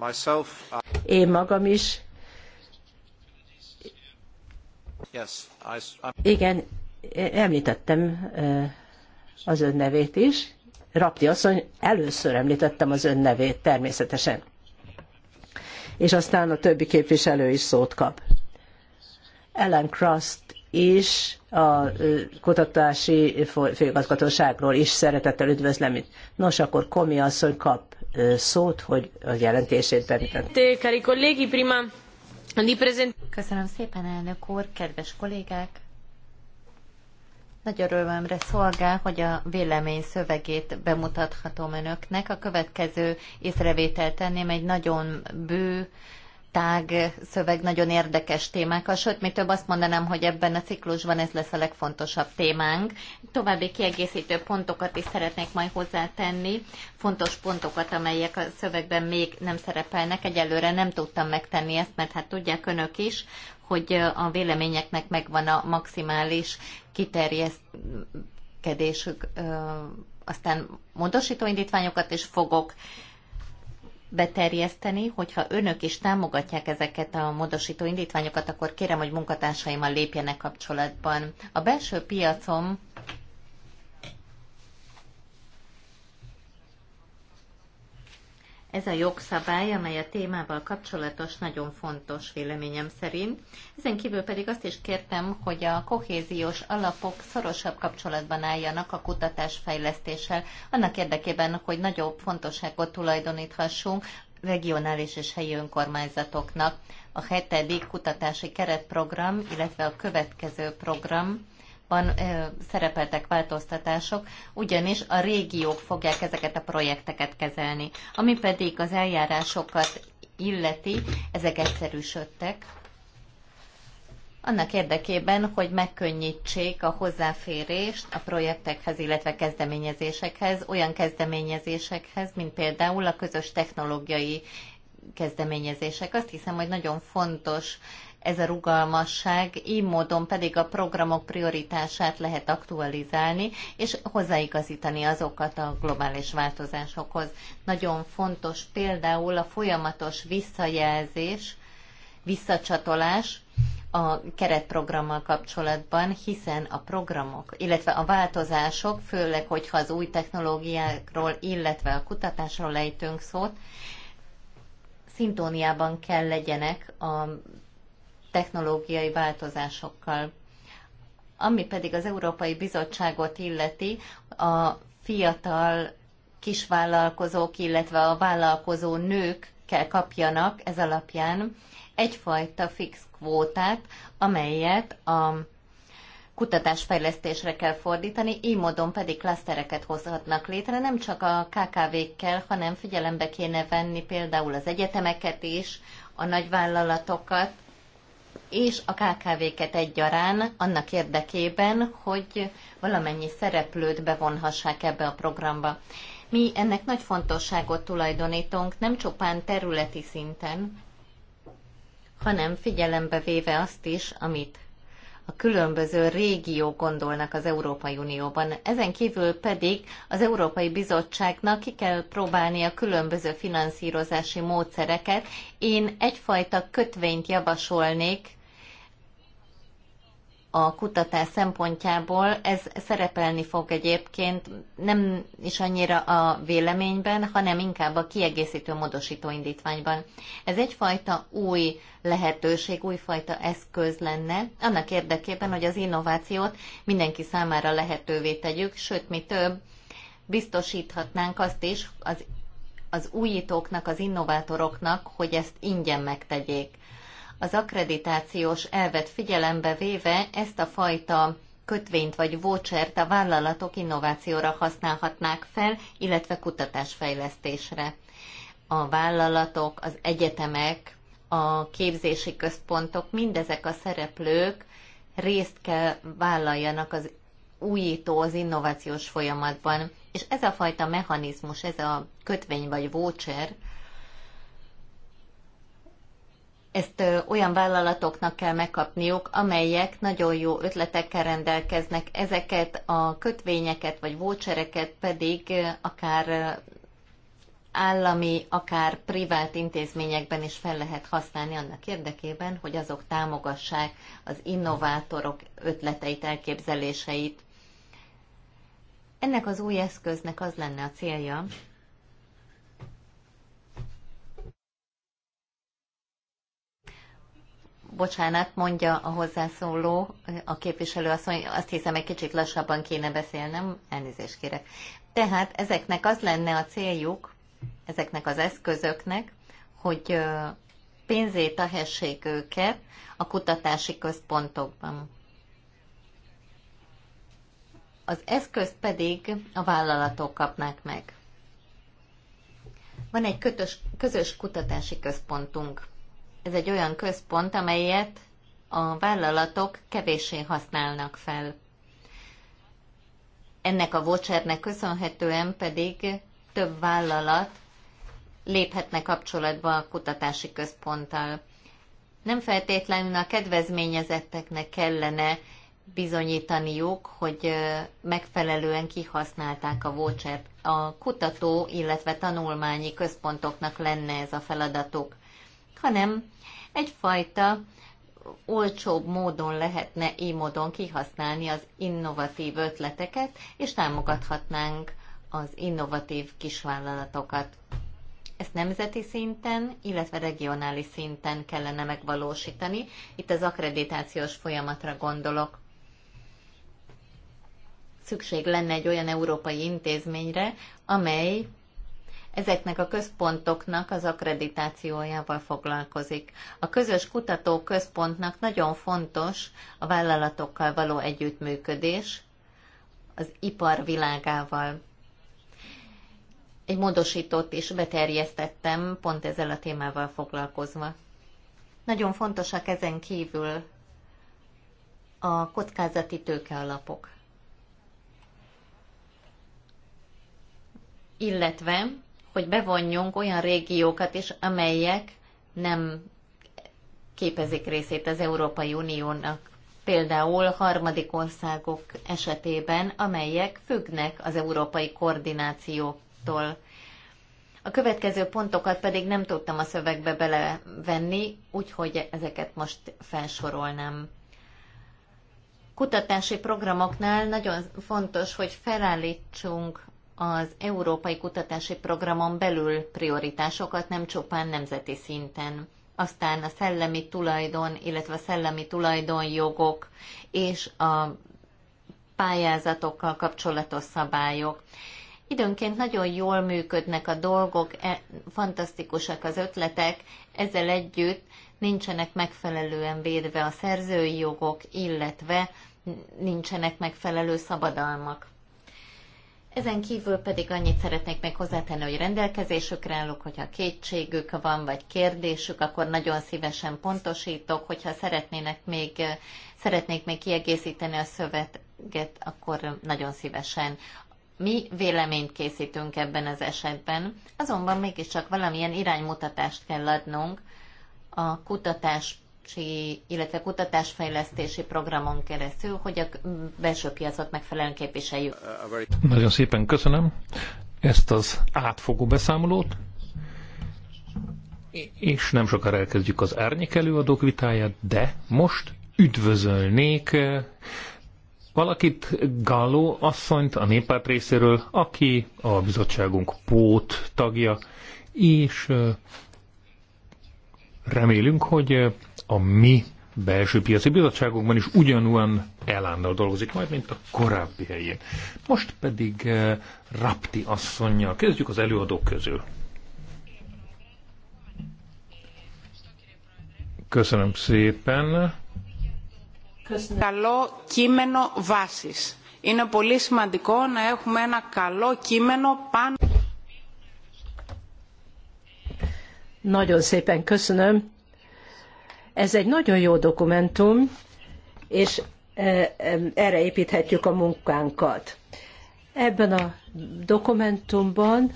Uh, Én magam is. Igen, említettem az ön nevét is. Rapti asszony, először említettem az ön nevét természetesen. És aztán a többi képviselő is szót kap. Ellen Crust is a kutatási főigazgatóságról is szeretettel üdvözlem itt. Nos, akkor Komi asszony kap szót, hogy a jelentését bemutatta. Köszönöm szépen, elnök úr, kedves kollégák! Nagy örömömre szolgál, hogy a vélemény szövegét bemutathatom önöknek. A következő észrevételt tenném egy nagyon bő tág szöveg nagyon érdekes témákkal, sőt, mi több azt mondanám, hogy ebben a ciklusban ez lesz a legfontosabb témánk. További kiegészítő pontokat is szeretnék majd hozzátenni, fontos pontokat, amelyek a szövegben még nem szerepelnek. Egyelőre nem tudtam megtenni ezt, mert hát tudják önök is, hogy a véleményeknek megvan a maximális kiterjeszkedésük, aztán módosító indítványokat is fogok beterjeszteni, hogyha önök is támogatják ezeket a módosító indítványokat, akkor kérem, hogy munkatársaimmal lépjenek kapcsolatban. A belső piacom Ez a jogszabály, amely a témával kapcsolatos, nagyon fontos véleményem szerint. Ezen kívül pedig azt is kértem, hogy a kohéziós alapok szorosabb kapcsolatban álljanak a kutatás fejlesztéssel, annak érdekében, hogy nagyobb fontosságot tulajdoníthassunk regionális és helyi önkormányzatoknak. A hetedik kutatási keretprogram, illetve a következő program ban szerepeltek változtatások, ugyanis a régiók fogják ezeket a projekteket kezelni. Ami pedig az eljárásokat illeti, ezek egyszerűsödtek, annak érdekében, hogy megkönnyítsék a hozzáférést a projektekhez, illetve kezdeményezésekhez, olyan kezdeményezésekhez, mint például a közös technológiai kezdeményezések. Azt hiszem, hogy nagyon fontos ez a rugalmasság, így módon pedig a programok prioritását lehet aktualizálni, és hozzáigazítani azokat a globális változásokhoz. Nagyon fontos például a folyamatos visszajelzés, visszacsatolás a keretprogrammal kapcsolatban, hiszen a programok, illetve a változások, főleg, hogyha az új technológiákról, illetve a kutatásról lejtünk szót, szintóniában kell legyenek a technológiai változásokkal. Ami pedig az Európai Bizottságot illeti, a fiatal kisvállalkozók, illetve a vállalkozó nők kell kapjanak ez alapján egyfajta fix kvótát, amelyet a kutatásfejlesztésre kell fordítani, így módon pedig klasztereket hozhatnak létre, nem csak a KKV-kkel, hanem figyelembe kéne venni például az egyetemeket is, a nagyvállalatokat, és a KKV-ket egyaránt annak érdekében, hogy valamennyi szereplőt bevonhassák ebbe a programba. Mi ennek nagy fontosságot tulajdonítunk, nem csupán területi szinten, hanem figyelembe véve azt is, amit a különböző régiók gondolnak az Európai Unióban. Ezen kívül pedig az Európai Bizottságnak ki kell próbálni a különböző finanszírozási módszereket. Én egyfajta kötvényt javasolnék a kutatás szempontjából. Ez szerepelni fog egyébként nem is annyira a véleményben, hanem inkább a kiegészítő módosító indítványban. Ez egyfajta új lehetőség, újfajta eszköz lenne, annak érdekében, hogy az innovációt mindenki számára lehetővé tegyük, sőt, mi több, biztosíthatnánk azt is az, az újítóknak, az innovátoroknak, hogy ezt ingyen megtegyék az akkreditációs elvet figyelembe véve ezt a fajta kötvényt vagy vouchert a vállalatok innovációra használhatnák fel, illetve kutatásfejlesztésre. A vállalatok, az egyetemek, a képzési központok, mindezek a szereplők részt kell vállaljanak az újító, az innovációs folyamatban. És ez a fajta mechanizmus, ez a kötvény vagy voucher ezt olyan vállalatoknak kell megkapniuk, amelyek nagyon jó ötletekkel rendelkeznek, ezeket a kötvényeket vagy vouchereket pedig akár állami, akár privát intézményekben is fel lehet használni annak érdekében, hogy azok támogassák az innovátorok ötleteit, elképzeléseit. Ennek az új eszköznek az lenne a célja, bocsánat, mondja a hozzászóló, a képviselő mondja, azt hiszem, egy kicsit lassabban kéne beszélnem, elnézést kérek. Tehát ezeknek az lenne a céljuk, ezeknek az eszközöknek, hogy pénzét tehessék őket a kutatási központokban. Az eszközt pedig a vállalatok kapnák meg. Van egy kötös, közös kutatási központunk ez egy olyan központ, amelyet a vállalatok kevéssé használnak fel. Ennek a vouchernek köszönhetően pedig több vállalat léphetne kapcsolatba a kutatási központtal. Nem feltétlenül a kedvezményezetteknek kellene bizonyítaniuk, hogy megfelelően kihasználták a vouchert. A kutató, illetve tanulmányi központoknak lenne ez a feladatuk, hanem egyfajta olcsóbb módon lehetne így módon kihasználni az innovatív ötleteket, és támogathatnánk az innovatív kisvállalatokat. Ezt nemzeti szinten, illetve regionális szinten kellene megvalósítani. Itt az akkreditációs folyamatra gondolok. Szükség lenne egy olyan európai intézményre, amely ezeknek a központoknak az akkreditációjával foglalkozik. A közös kutatóközpontnak nagyon fontos a vállalatokkal való együttműködés, az ipar világával. Egy módosítót is beterjesztettem, pont ezzel a témával foglalkozva. Nagyon fontosak ezen kívül a kockázati tőkealapok. Illetve hogy bevonjunk olyan régiókat is, amelyek nem képezik részét az Európai Uniónak. Például harmadik országok esetében, amelyek függnek az európai koordinációtól. A következő pontokat pedig nem tudtam a szövegbe belevenni, úgyhogy ezeket most felsorolnám. Kutatási programoknál nagyon fontos, hogy felállítsunk az európai kutatási programon belül prioritásokat, nem csupán nemzeti szinten. Aztán a szellemi tulajdon, illetve a szellemi tulajdonjogok és a pályázatokkal kapcsolatos szabályok. Időnként nagyon jól működnek a dolgok, e, fantasztikusak az ötletek, ezzel együtt nincsenek megfelelően védve a szerzői jogok, illetve nincsenek megfelelő szabadalmak. Ezen kívül pedig annyit szeretnék még hozzátenni, hogy rendelkezésükre állok, hogyha kétségük van, vagy kérdésük, akkor nagyon szívesen pontosítok, hogyha szeretnének még, szeretnék még kiegészíteni a szöveget, akkor nagyon szívesen. Mi véleményt készítünk ebben az esetben, azonban mégiscsak valamilyen iránymutatást kell adnunk a kutatás kutatási, illetve kutatásfejlesztési programon keresztül, hogy a belső piacot megfelelően képviseljük. Nagyon szépen köszönöm ezt az átfogó beszámolót, és nem sokára elkezdjük az árnyék előadók vitáját, de most üdvözölnék eh, valakit, Galló asszonyt a néppárt részéről, aki a bizottságunk pót tagja, és eh, remélünk, hogy eh, a mi belső piaci bizottságunkban is ugyanúan elánnal dolgozik majd, mint a korábbi helyén. Most pedig uh, Rapti asszonynal kezdjük az előadók közül. Köszönöm szépen. Kaló Καλό κείμενο βάσης. Είναι πολύ σημαντικό να έχουμε ένα καλό κείμενο πάνω. Nagyon szépen köszönöm. Ez egy nagyon jó dokumentum, és e, e, erre építhetjük a munkánkat. Ebben a dokumentumban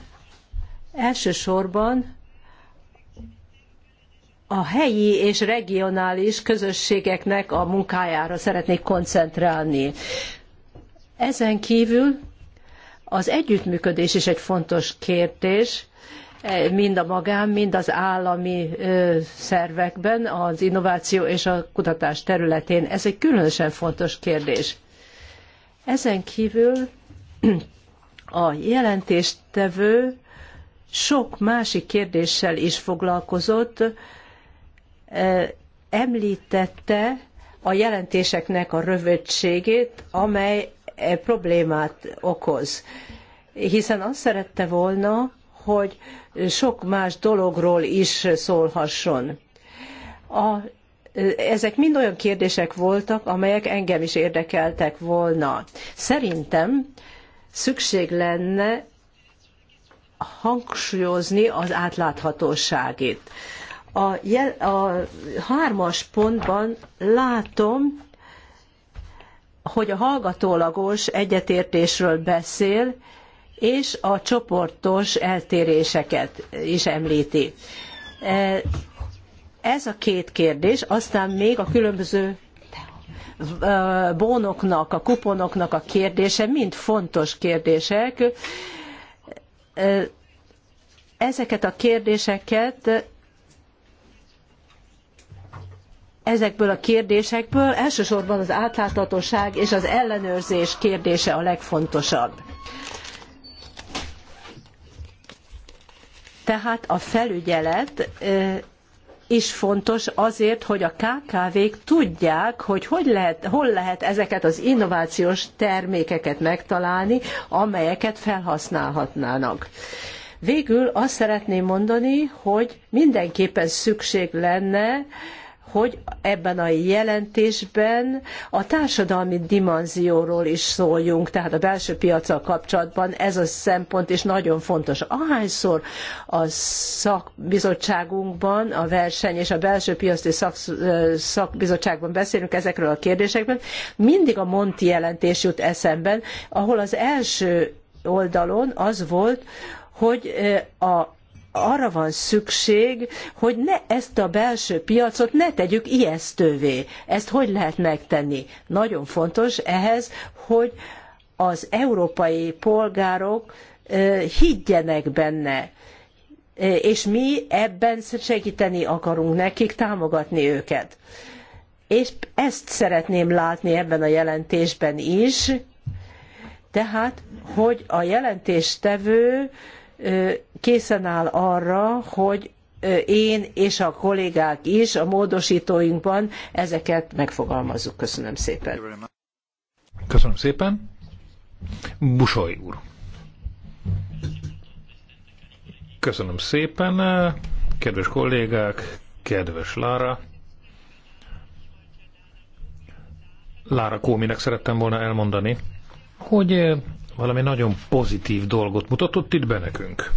elsősorban a helyi és regionális közösségeknek a munkájára szeretnék koncentrálni. Ezen kívül az együttműködés is egy fontos kérdés, E, mind a magán, mind az állami szervekben, az innováció és a kutatás területén. Ez egy különösen fontos kérdés. Ezen kívül a jelentéstevő sok másik kérdéssel is foglalkozott, e, említette a jelentéseknek a rövidségét, amely e, problémát okoz. Hiszen azt szerette volna, hogy sok más dologról is szólhasson. A, ezek mind olyan kérdések voltak, amelyek engem is érdekeltek volna. Szerintem szükség lenne hangsúlyozni az átláthatóságét. A, jel, a hármas pontban látom, hogy a hallgatólagos egyetértésről beszél, és a csoportos eltéréseket is említi. E, ez a két kérdés, aztán még a különböző e, bónoknak, a kuponoknak a kérdése, mind fontos kérdések. E, ezeket a kérdéseket ezekből a kérdésekből elsősorban az átláthatóság és az ellenőrzés kérdése a legfontosabb. Tehát a felügyelet is fontos azért, hogy a KKV-k tudják, hogy, hogy lehet, hol lehet ezeket az innovációs termékeket megtalálni, amelyeket felhasználhatnának. Végül azt szeretném mondani, hogy mindenképpen szükség lenne hogy ebben a jelentésben a társadalmi dimenzióról is szóljunk, tehát a belső piacsal kapcsolatban ez a szempont is nagyon fontos. Ahányszor a szakbizottságunkban, a verseny és a belső piaci szak, szakbizottságban beszélünk ezekről a kérdésekben, mindig a Monti jelentés jut eszemben, ahol az első oldalon az volt, hogy a arra van szükség, hogy ne ezt a belső piacot ne tegyük ijesztővé. Ezt hogy lehet megtenni? Nagyon fontos ehhez, hogy az európai polgárok higgyenek benne, és mi ebben segíteni akarunk nekik, támogatni őket. És ezt szeretném látni ebben a jelentésben is, tehát, hogy a jelentéstevő készen áll arra, hogy én és a kollégák is a módosítóinkban ezeket megfogalmazzuk. Köszönöm szépen. Köszönöm szépen. Busoly úr. Köszönöm szépen, kedves kollégák, kedves Lara. Lára Kóminek szerettem volna elmondani, hogy valami nagyon pozitív dolgot mutatott itt be nekünk.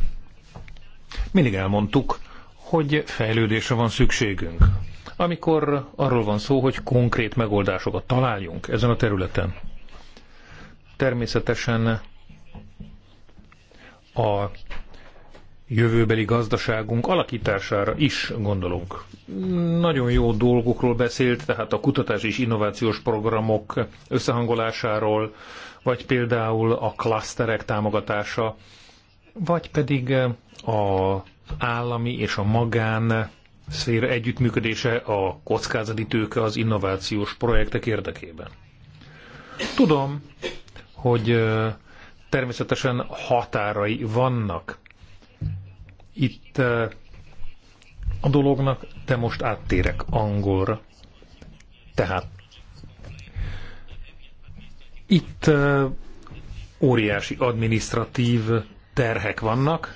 Mindig elmondtuk, hogy fejlődésre van szükségünk. Amikor arról van szó, hogy konkrét megoldásokat találjunk ezen a területen. Természetesen a jövőbeli gazdaságunk alakítására is gondolunk. Nagyon jó dolgokról beszélt, tehát a kutatás és innovációs programok összehangolásáról, vagy például a klaszterek támogatása, vagy pedig a állami és a magán szféra együttműködése, a kockázati tőke az innovációs projektek érdekében. Tudom, hogy természetesen határai vannak itt a dolognak, de most áttérek angolra. Tehát itt óriási administratív terhek vannak,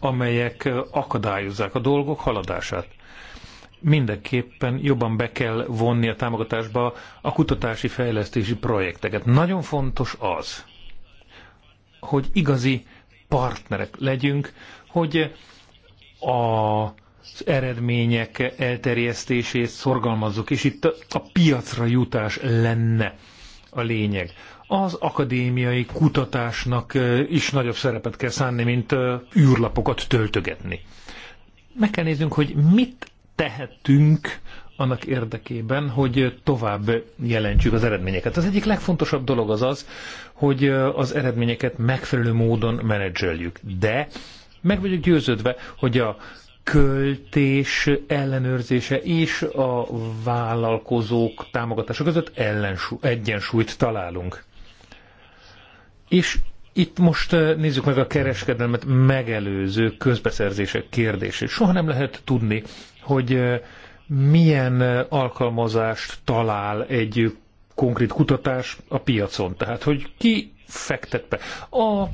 amelyek akadályozzák a dolgok haladását. Mindenképpen jobban be kell vonni a támogatásba a kutatási fejlesztési projekteket. Nagyon fontos az, hogy igazi partnerek legyünk, hogy az eredmények elterjesztését szorgalmazzuk, és itt a piacra jutás lenne a lényeg. Az akadémiai kutatásnak is nagyobb szerepet kell szánni, mint űrlapokat töltögetni. Meg kell néznünk, hogy mit tehetünk annak érdekében, hogy tovább jelentsük az eredményeket. Az egyik legfontosabb dolog az az, hogy az eredményeket megfelelő módon menedzseljük. De meg vagyok győződve, hogy a költés ellenőrzése és a vállalkozók támogatása között ellensú, egyensúlyt találunk. És itt most eh, nézzük meg a kereskedelmet megelőző közbeszerzések kérdését. Soha nem lehet tudni, hogy eh, milyen eh, alkalmazást talál egy konkrét kutatás a piacon. Tehát, hogy ki fektet be. A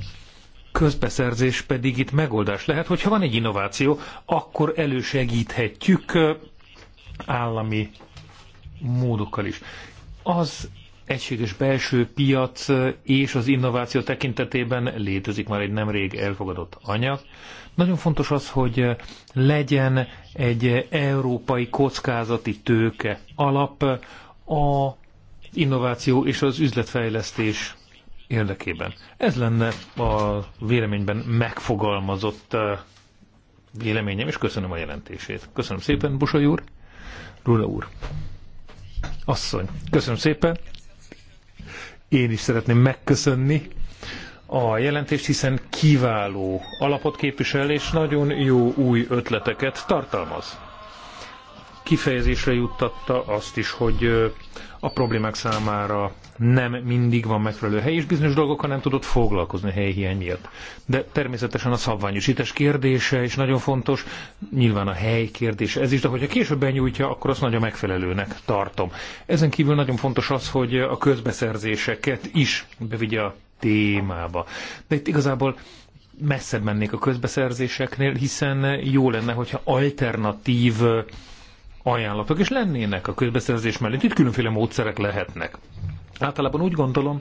közbeszerzés pedig itt megoldás lehet, hogyha van egy innováció, akkor elősegíthetjük állami módokkal is. Az egységes belső piac és az innováció tekintetében létezik már egy nemrég elfogadott anyag. Nagyon fontos az, hogy legyen egy európai kockázati tőke alap a innováció és az üzletfejlesztés érdekében. Ez lenne a véleményben megfogalmazott uh, véleményem, és köszönöm a jelentését. Köszönöm szépen, Busoly úr, Rula úr. Asszony, köszönöm szépen. Én is szeretném megköszönni a jelentést, hiszen kiváló alapot képvisel, és nagyon jó új ötleteket tartalmaz. Kifejezésre juttatta azt is, hogy uh, a problémák számára nem mindig van megfelelő hely, és bizonyos dolgokkal nem tudott foglalkozni helyhiány miatt. De természetesen a szabványosítás kérdése is nagyon fontos, nyilván a hely kérdése ez is, de hogyha később benyújtja, akkor azt nagyon megfelelőnek tartom. Ezen kívül nagyon fontos az, hogy a közbeszerzéseket is bevigye a témába. De itt igazából messzebb mennék a közbeszerzéseknél, hiszen jó lenne, hogyha alternatív ajánlatok, és lennének a közbeszerzés mellett. Itt különféle módszerek lehetnek. Általában úgy gondolom,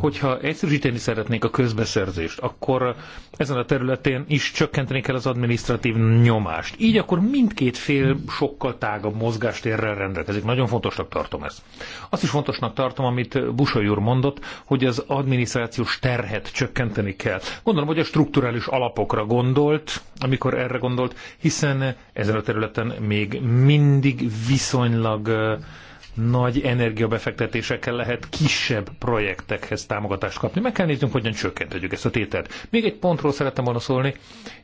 hogy ha egyszerűsíteni szeretnék a közbeszerzést, akkor ezen a területen is csökkenteni kell az administratív nyomást. Így akkor mindkét fél sokkal tágabb mozgástérrel rendelkezik. Nagyon fontosnak tartom ezt. Azt is fontosnak tartom, amit Busoly úr mondott, hogy az adminisztrációs terhet csökkenteni kell. Gondolom, hogy a strukturális alapokra gondolt, amikor erre gondolt, hiszen ezen a területen még mindig viszonylag uh, nagy energiabefektetésekkel lehet kisebb projektekhez támogatást kapni. Meg kell néznünk, hogyan csökkentjük ezt a tételt. Még egy pontról szerettem volna szólni,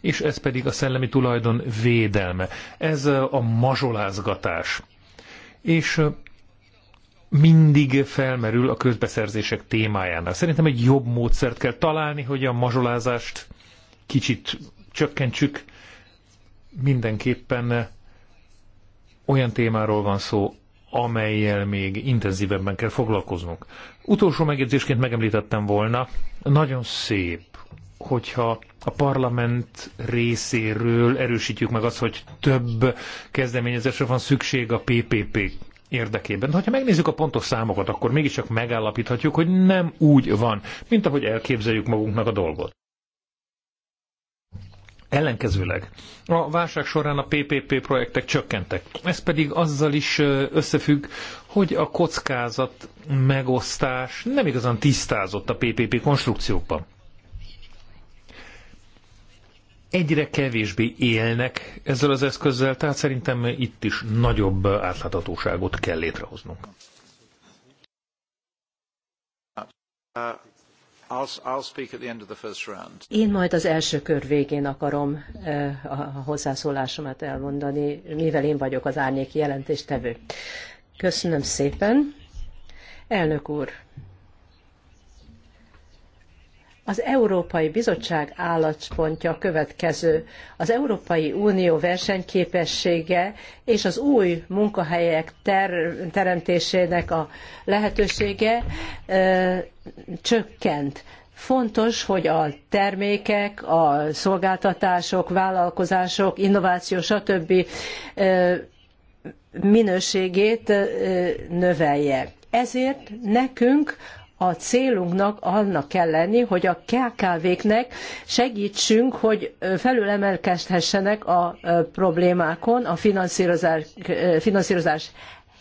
és ez pedig a szellemi tulajdon védelme. Ez a mazsolázgatás. És mindig felmerül a közbeszerzések témájánál. Szerintem egy jobb módszert kell találni, hogy a mazsolázást kicsit csökkentsük. Mindenképpen olyan témáról van szó, amelyel még intenzívebben kell foglalkoznunk. Utolsó megjegyzésként megemlítettem volna, nagyon szép, hogyha a parlament részéről erősítjük meg azt, hogy több kezdeményezésre van szükség a PPP érdekében. De ha megnézzük a pontos számokat, akkor mégiscsak megállapíthatjuk, hogy nem úgy van, mint ahogy elképzeljük magunknak a dolgot. Ellenkezőleg a válság során a PPP projektek csökkentek. Ez pedig azzal is összefügg, hogy a kockázat megosztás nem igazán tisztázott a PPP konstrukciókban. Egyre kevésbé élnek ezzel az eszközzel, tehát szerintem itt is nagyobb átláthatóságot kell létrehoznunk. Uh, én majd az első kör végén akarom eh, a hozzászólásomat elmondani, mivel én vagyok az árnyéki jelentéstevő. Köszönöm szépen. Elnök úr, az Európai Bizottság álláspontja következő. Az Európai Unió versenyképessége és az új munkahelyek ter- teremtésének a lehetősége ö, csökkent. Fontos, hogy a termékek, a szolgáltatások, vállalkozások, innováció, stb. Ö, minőségét növelje. Ezért nekünk a célunknak annak kell lenni, hogy a KKV-knek segítsünk, hogy felülemelkedhessenek a problémákon, a finanszírozás, finanszírozás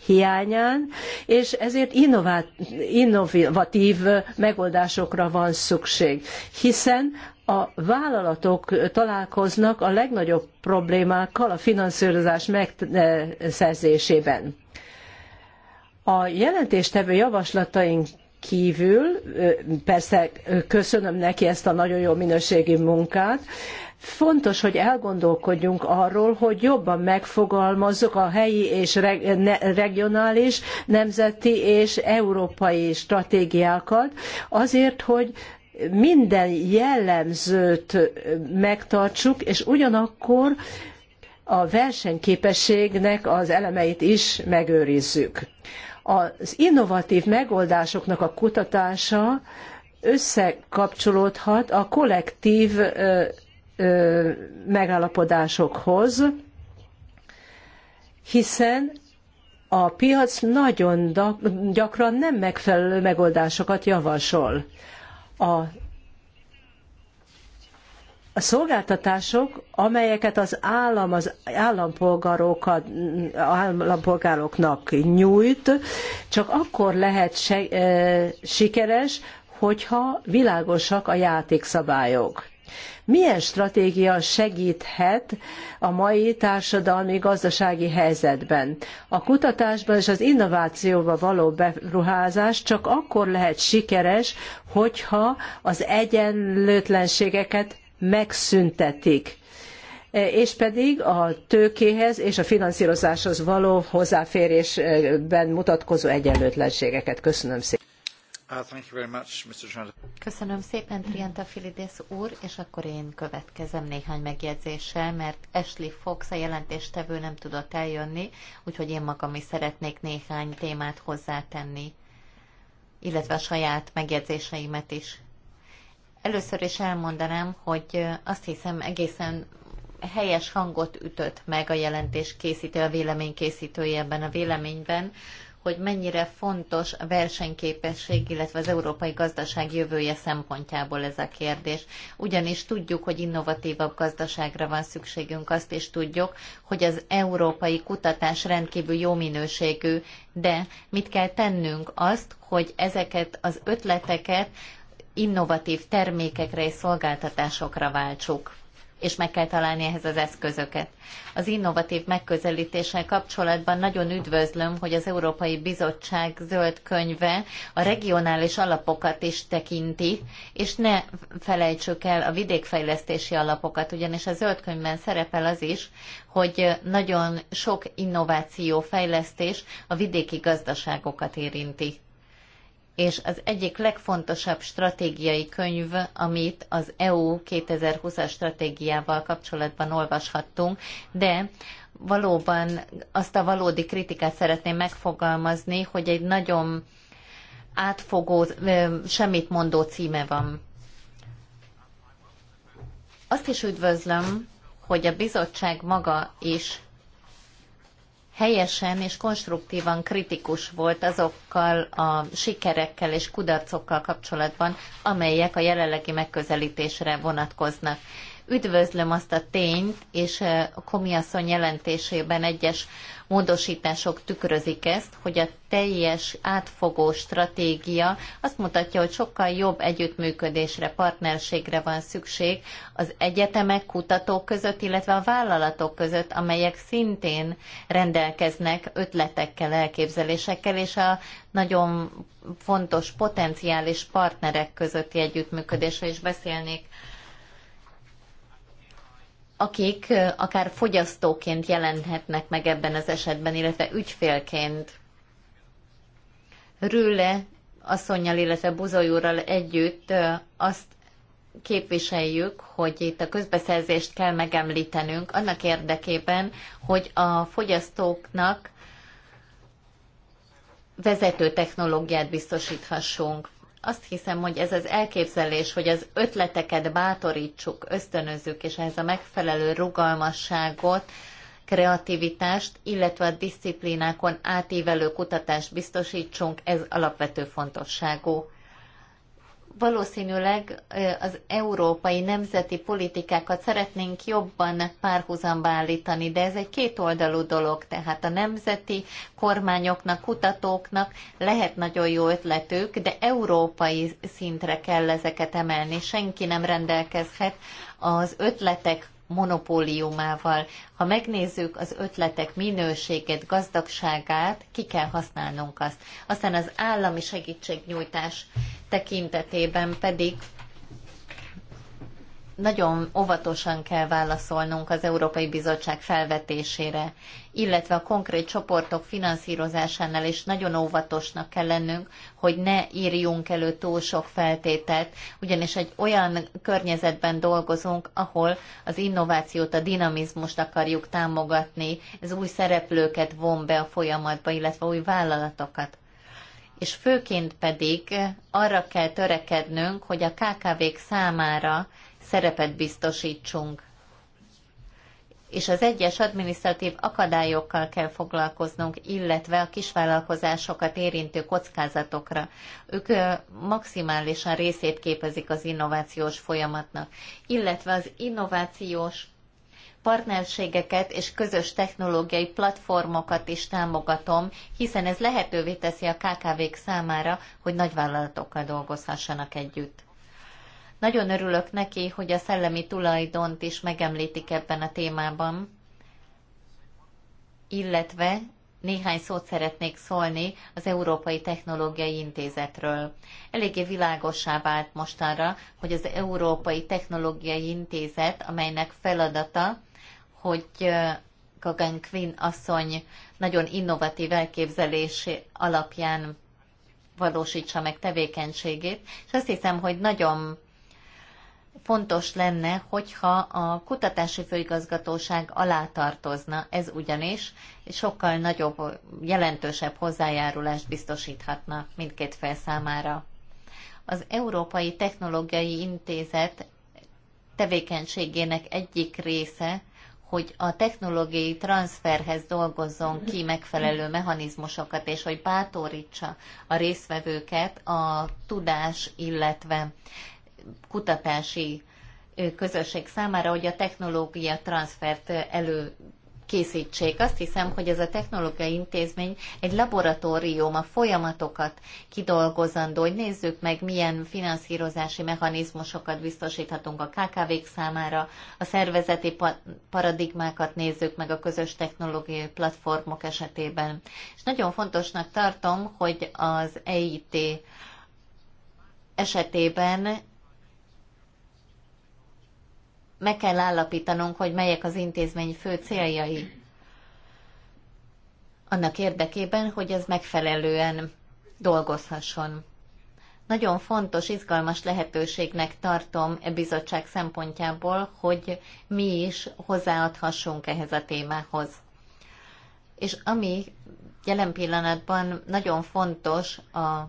hiányán, és ezért innovát, innovatív megoldásokra van szükség, hiszen a vállalatok találkoznak a legnagyobb problémákkal a finanszírozás megszerzésében. A jelentéstevő javaslataink kívül, persze köszönöm neki ezt a nagyon jó minőségi munkát, fontos, hogy elgondolkodjunk arról, hogy jobban megfogalmazzuk a helyi és regionális, nemzeti és európai stratégiákat, azért, hogy minden jellemzőt megtartsuk, és ugyanakkor a versenyképességnek az elemeit is megőrizzük az innovatív megoldásoknak a kutatása összekapcsolódhat a kollektív megállapodásokhoz, hiszen a piac nagyon gyakran nem megfelelő megoldásokat javasol. A a szolgáltatások, amelyeket az állam az állampolgárokat, állampolgároknak nyújt, csak akkor lehet se, e, sikeres, hogyha világosak a játékszabályok. Milyen stratégia segíthet a mai társadalmi gazdasági helyzetben? A kutatásban és az innovációba való beruházás csak akkor lehet sikeres, hogyha az egyenlőtlenségeket megszüntetik e, és pedig a tőkéhez és a finanszírozáshoz való hozzáférésben mutatkozó egyenlőtlenségeket. Köszönöm szépen. Uh, Köszönöm szépen, Trianta Filides úr, és akkor én következem néhány megjegyzéssel, mert Ashley Fox, a jelentéstevő nem tudott eljönni, úgyhogy én magam is szeretnék néhány témát hozzátenni, illetve a saját megjegyzéseimet is. Először is elmondanám, hogy azt hiszem egészen helyes hangot ütött meg a jelentés készítő, a vélemény készítője ebben a véleményben, hogy mennyire fontos a versenyképesség, illetve az európai gazdaság jövője szempontjából ez a kérdés. Ugyanis tudjuk, hogy innovatívabb gazdaságra van szükségünk, azt is tudjuk, hogy az európai kutatás rendkívül jó minőségű, de mit kell tennünk azt, hogy ezeket az ötleteket innovatív termékekre és szolgáltatásokra váltsuk és meg kell találni ehhez az eszközöket. Az innovatív megközelítéssel kapcsolatban nagyon üdvözlöm, hogy az Európai Bizottság zöld könyve a regionális alapokat is tekinti, és ne felejtsük el a vidékfejlesztési alapokat, ugyanis a zöld könyvben szerepel az is, hogy nagyon sok innováció, fejlesztés a vidéki gazdaságokat érinti és az egyik legfontosabb stratégiai könyv, amit az EU 2020-as stratégiával kapcsolatban olvashattunk, de valóban azt a valódi kritikát szeretném megfogalmazni, hogy egy nagyon átfogó, semmit mondó címe van. Azt is üdvözlöm, hogy a bizottság maga is helyesen és konstruktívan kritikus volt azokkal a sikerekkel és kudarcokkal kapcsolatban, amelyek a jelenlegi megközelítésre vonatkoznak. Üdvözlöm azt a tényt, és eh, a komiasszony jelentésében egyes módosítások tükrözik ezt, hogy a teljes átfogó stratégia azt mutatja, hogy sokkal jobb együttműködésre, partnerségre van szükség az egyetemek, kutatók között, illetve a vállalatok között, amelyek szintén rendelkeznek ötletekkel, elképzelésekkel, és a nagyon fontos potenciális partnerek közötti együttműködésre is beszélnék akik akár fogyasztóként jelenhetnek meg ebben az esetben, illetve ügyfélként. Rüle asszonynal, illetve Buzolyúrral együtt azt képviseljük, hogy itt a közbeszerzést kell megemlítenünk annak érdekében, hogy a fogyasztóknak vezető technológiát biztosíthassunk azt hiszem, hogy ez az elképzelés, hogy az ötleteket bátorítsuk, ösztönözzük, és ehhez a megfelelő rugalmasságot, kreativitást, illetve a disziplinákon átívelő kutatást biztosítsunk, ez alapvető fontosságú valószínűleg az európai nemzeti politikákat szeretnénk jobban párhuzamba állítani, de ez egy kétoldalú dolog, tehát a nemzeti kormányoknak, kutatóknak lehet nagyon jó ötletük, de európai szintre kell ezeket emelni. Senki nem rendelkezhet az ötletek monopóliumával. Ha megnézzük az ötletek minőségét, gazdagságát, ki kell használnunk azt. Aztán az állami segítségnyújtás tekintetében pedig nagyon óvatosan kell válaszolnunk az Európai Bizottság felvetésére, illetve a konkrét csoportok finanszírozásánál is nagyon óvatosnak kell lennünk, hogy ne írjunk elő túl sok feltételt, ugyanis egy olyan környezetben dolgozunk, ahol az innovációt, a dinamizmust akarjuk támogatni, ez új szereplőket von be a folyamatba, illetve új vállalatokat és főként pedig arra kell törekednünk, hogy a KKV-k számára szerepet biztosítsunk. És az egyes adminisztratív akadályokkal kell foglalkoznunk, illetve a kisvállalkozásokat érintő kockázatokra. Ők maximálisan részét képezik az innovációs folyamatnak, illetve az innovációs partnerségeket és közös technológiai platformokat is támogatom, hiszen ez lehetővé teszi a KKV-k számára, hogy nagyvállalatokkal dolgozhassanak együtt. Nagyon örülök neki, hogy a szellemi tulajdont is megemlítik ebben a témában, illetve néhány szót szeretnék szólni az Európai Technológiai Intézetről. Eléggé világosá vált mostanra, hogy az Európai Technológiai Intézet, amelynek feladata, hogy Kagan Quinn asszony nagyon innovatív elképzelési alapján valósítsa meg tevékenységét, és azt hiszem, hogy nagyon fontos lenne, hogyha a kutatási főigazgatóság alá tartozna, ez ugyanis sokkal nagyobb, jelentősebb hozzájárulást biztosíthatna mindkét fel számára. Az Európai Technológiai Intézet tevékenységének egyik része, hogy a technológiai transferhez dolgozzon ki megfelelő mechanizmusokat, és hogy bátorítsa a részvevőket a tudás, illetve kutatási közösség számára, hogy a technológia transfert elő készítsék. Azt hiszem, hogy ez a technológiai intézmény egy laboratórium, a folyamatokat kidolgozandó, hogy nézzük meg, milyen finanszírozási mechanizmusokat biztosíthatunk a KKV-k számára, a szervezeti paradigmákat nézzük meg a közös technológiai platformok esetében. És nagyon fontosnak tartom, hogy az EIT esetében meg kell állapítanunk, hogy melyek az intézmény fő céljai. Annak érdekében, hogy ez megfelelően dolgozhasson. Nagyon fontos, izgalmas lehetőségnek tartom e bizottság szempontjából, hogy mi is hozzáadhassunk ehhez a témához. És ami jelen pillanatban nagyon fontos a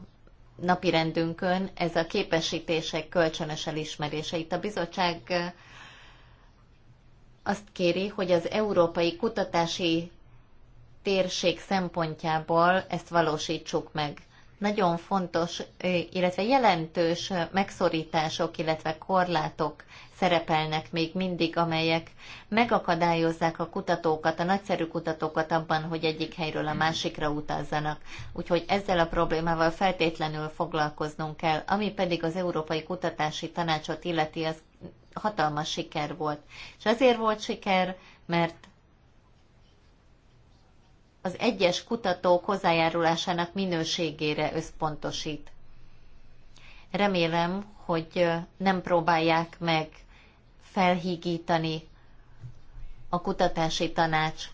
napirendünkön, ez a képesítések kölcsönös elismerése. Itt a bizottság azt kéri, hogy az európai kutatási térség szempontjából ezt valósítsuk meg. Nagyon fontos, illetve jelentős megszorítások, illetve korlátok szerepelnek még mindig, amelyek megakadályozzák a kutatókat, a nagyszerű kutatókat abban, hogy egyik helyről a másikra utazzanak. Úgyhogy ezzel a problémával feltétlenül foglalkoznunk kell. Ami pedig az Európai Kutatási Tanácsot illeti, az hatalmas siker volt. És azért volt siker, mert az egyes kutatók hozzájárulásának minőségére összpontosít. Remélem, hogy nem próbálják meg felhígítani a kutatási tanács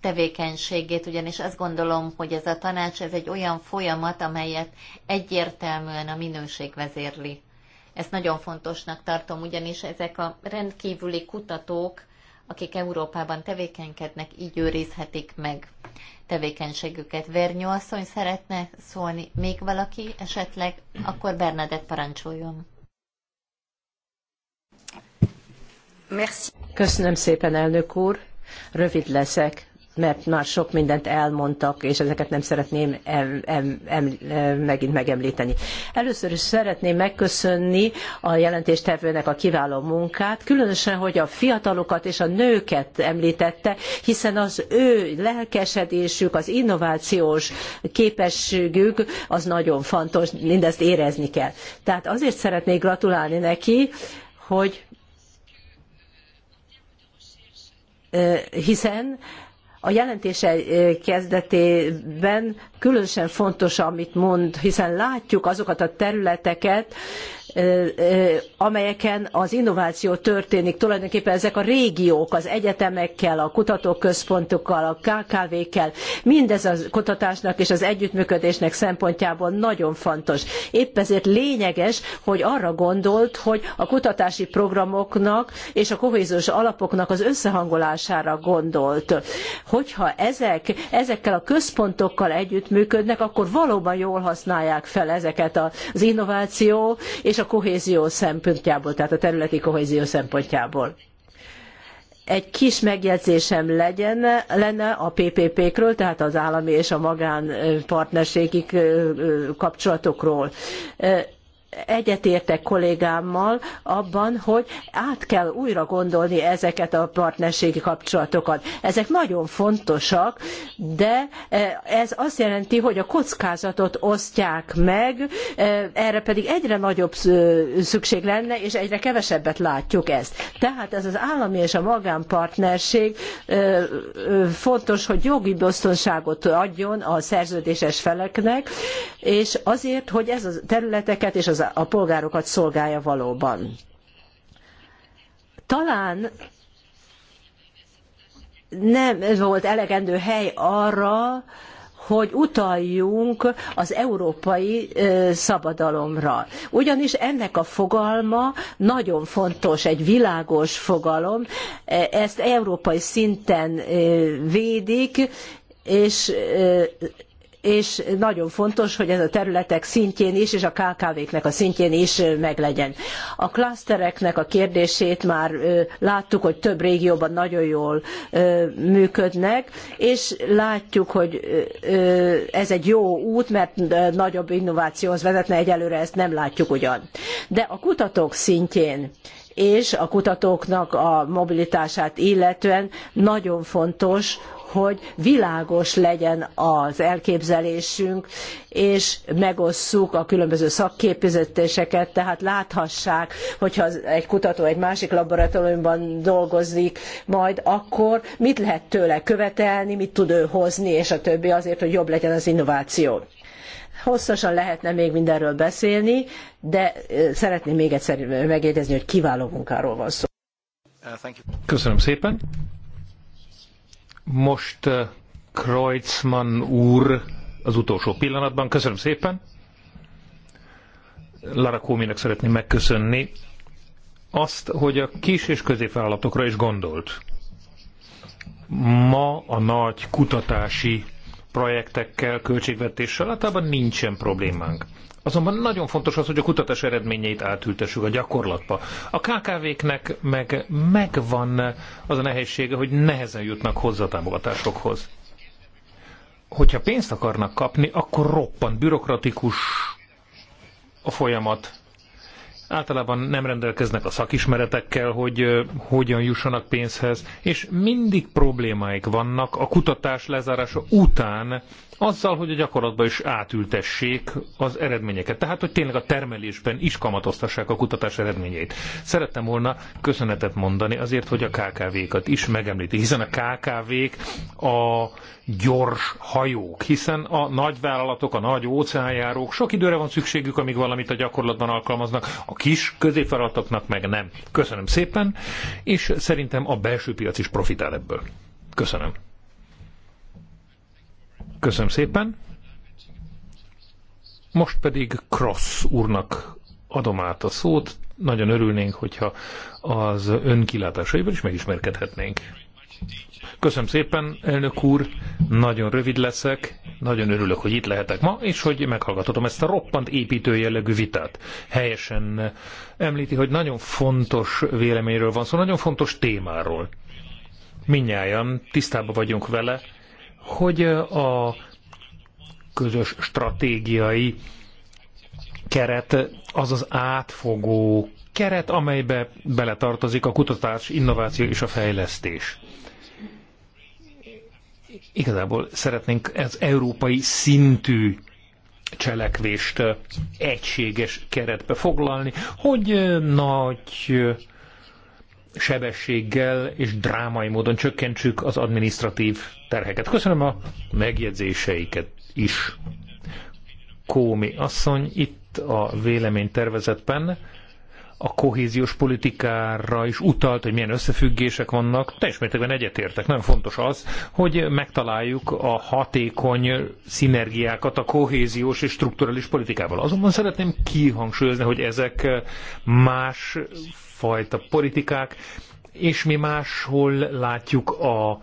tevékenységét, ugyanis azt gondolom, hogy ez a tanács ez egy olyan folyamat, amelyet egyértelműen a minőség vezérli. Ezt nagyon fontosnak tartom, ugyanis ezek a rendkívüli kutatók, akik Európában tevékenykednek, így őrizhetik meg tevékenységüket. Vernyó asszony szeretne szólni, még valaki esetleg, akkor Bernadett parancsoljon. Köszönöm szépen, elnök úr. Rövid leszek mert már sok mindent elmondtak, és ezeket nem szeretném em, em, em, megint megemlíteni. Először is szeretném megköszönni a jelentéstevőnek a kiváló munkát, különösen, hogy a fiatalokat és a nőket említette, hiszen az ő lelkesedésük, az innovációs képességük az nagyon fontos, mindezt érezni kell. Tehát azért szeretnék gratulálni neki, hogy hiszen a jelentése kezdetében különösen fontos, amit mond, hiszen látjuk azokat a területeket, amelyeken az innováció történik. Tulajdonképpen ezek a régiók az egyetemekkel, a kutatóközpontokkal, a KKV-kkel, mindez a kutatásnak és az együttműködésnek szempontjából nagyon fontos. Épp ezért lényeges, hogy arra gondolt, hogy a kutatási programoknak és a kohéziós alapoknak az összehangolására gondolt. Hogyha ezek, ezekkel a központokkal együttműködnek, akkor valóban jól használják fel ezeket az innováció és a kohézió szempontjából, tehát a területi kohézió szempontjából. Egy kis megjegyzésem legyen, lenne a PPP-kről, tehát az állami és a magán partnerségi kapcsolatokról egyetértek kollégámmal abban, hogy át kell újra gondolni ezeket a partnerségi kapcsolatokat. Ezek nagyon fontosak, de e, ez azt jelenti, hogy a kockázatot osztják meg, e, erre pedig egyre nagyobb szükség lenne, és egyre kevesebbet látjuk ezt. Tehát ez az állami és a magánpartnerség fontos, hogy jogi biztonságot adjon a szerződéses feleknek, és azért, hogy ez a területeket és az a polgárokat szolgálja valóban. Talán nem volt elegendő hely arra, hogy utaljunk az európai szabadalomra. Ugyanis ennek a fogalma nagyon fontos, egy világos fogalom, e, ezt európai szinten védik, és és nagyon fontos, hogy ez a területek szintjén is, és a KKV-knek a szintjén is meglegyen. A klasztereknek a kérdését már láttuk, hogy több régióban nagyon jól működnek, és látjuk, hogy ez egy jó út, mert nagyobb innovációhoz vezetne, egyelőre ezt nem látjuk ugyan. De a kutatók szintjén és a kutatóknak a mobilitását illetően nagyon fontos, hogy világos legyen az elképzelésünk, és megosszuk a különböző szakképzetéseket, tehát láthassák, hogyha egy kutató egy másik laboratóriumban dolgozik majd, akkor mit lehet tőle követelni, mit tud ő hozni, és a többi azért, hogy jobb legyen az innováció. Hosszasan lehetne még mindenről beszélni, de szeretném még egyszer megjegyezni, hogy kiváló munkáról van szó. Uh, Köszönöm szépen. Most uh, Kreutzmann úr az utolsó pillanatban. Köszönöm szépen. Lara Kóminek szeretném megköszönni azt, hogy a kis és középvállalatokra is gondolt. Ma a nagy kutatási projektekkel, költségvetéssel általában nincsen problémánk. Azonban nagyon fontos az, hogy a kutatás eredményeit átültessük a gyakorlatba. A KKV-knek meg megvan az a nehézsége, hogy nehezen jutnak hozzá a támogatásokhoz. Hogyha pénzt akarnak kapni, akkor roppant bürokratikus a folyamat, általában nem rendelkeznek a szakismeretekkel, hogy hogyan jussanak pénzhez, és mindig problémáik vannak a kutatás lezárása után azzal, hogy a gyakorlatban is átültessék az eredményeket. Tehát, hogy tényleg a termelésben is kamatoztassák a kutatás eredményeit. Szerettem volna köszönetet mondani azért, hogy a KKV-kat is megemlíti, hiszen a KKV-k a gyors hajók, hiszen a nagy vállalatok, a nagy óceánjárók sok időre van szükségük, amíg valamit a gyakorlatban alkalmaznak. A kis középvállalatoknak meg nem. Köszönöm szépen, és szerintem a belső piac is profitál ebből. Köszönöm. Köszönöm szépen. Most pedig Cross úrnak adom át a szót. Nagyon örülnénk, hogyha az önkilátásaiból is megismerkedhetnénk. Köszönöm szépen, elnök úr, nagyon rövid leszek, nagyon örülök, hogy itt lehetek ma, és hogy meghallgathatom ezt a roppant építő jellegű vitát. Helyesen említi, hogy nagyon fontos véleményről van szó, szóval nagyon fontos témáról. Minnyáján tisztában vagyunk vele, hogy a közös stratégiai keret az az átfogó keret, amelybe beletartozik a kutatás, innováció és a fejlesztés igazából szeretnénk az európai szintű cselekvést egységes keretbe foglalni, hogy nagy sebességgel és drámai módon csökkentsük az administratív terheket. Köszönöm a megjegyzéseiket is. Kómi asszony itt a véleménytervezetben a kohéziós politikára is utalt, hogy milyen összefüggések vannak. Teljes mértékben egyetértek. Nagyon fontos az, hogy megtaláljuk a hatékony szinergiákat a kohéziós és strukturális politikával. Azonban szeretném kihangsúlyozni, hogy ezek más fajta politikák, és mi máshol látjuk a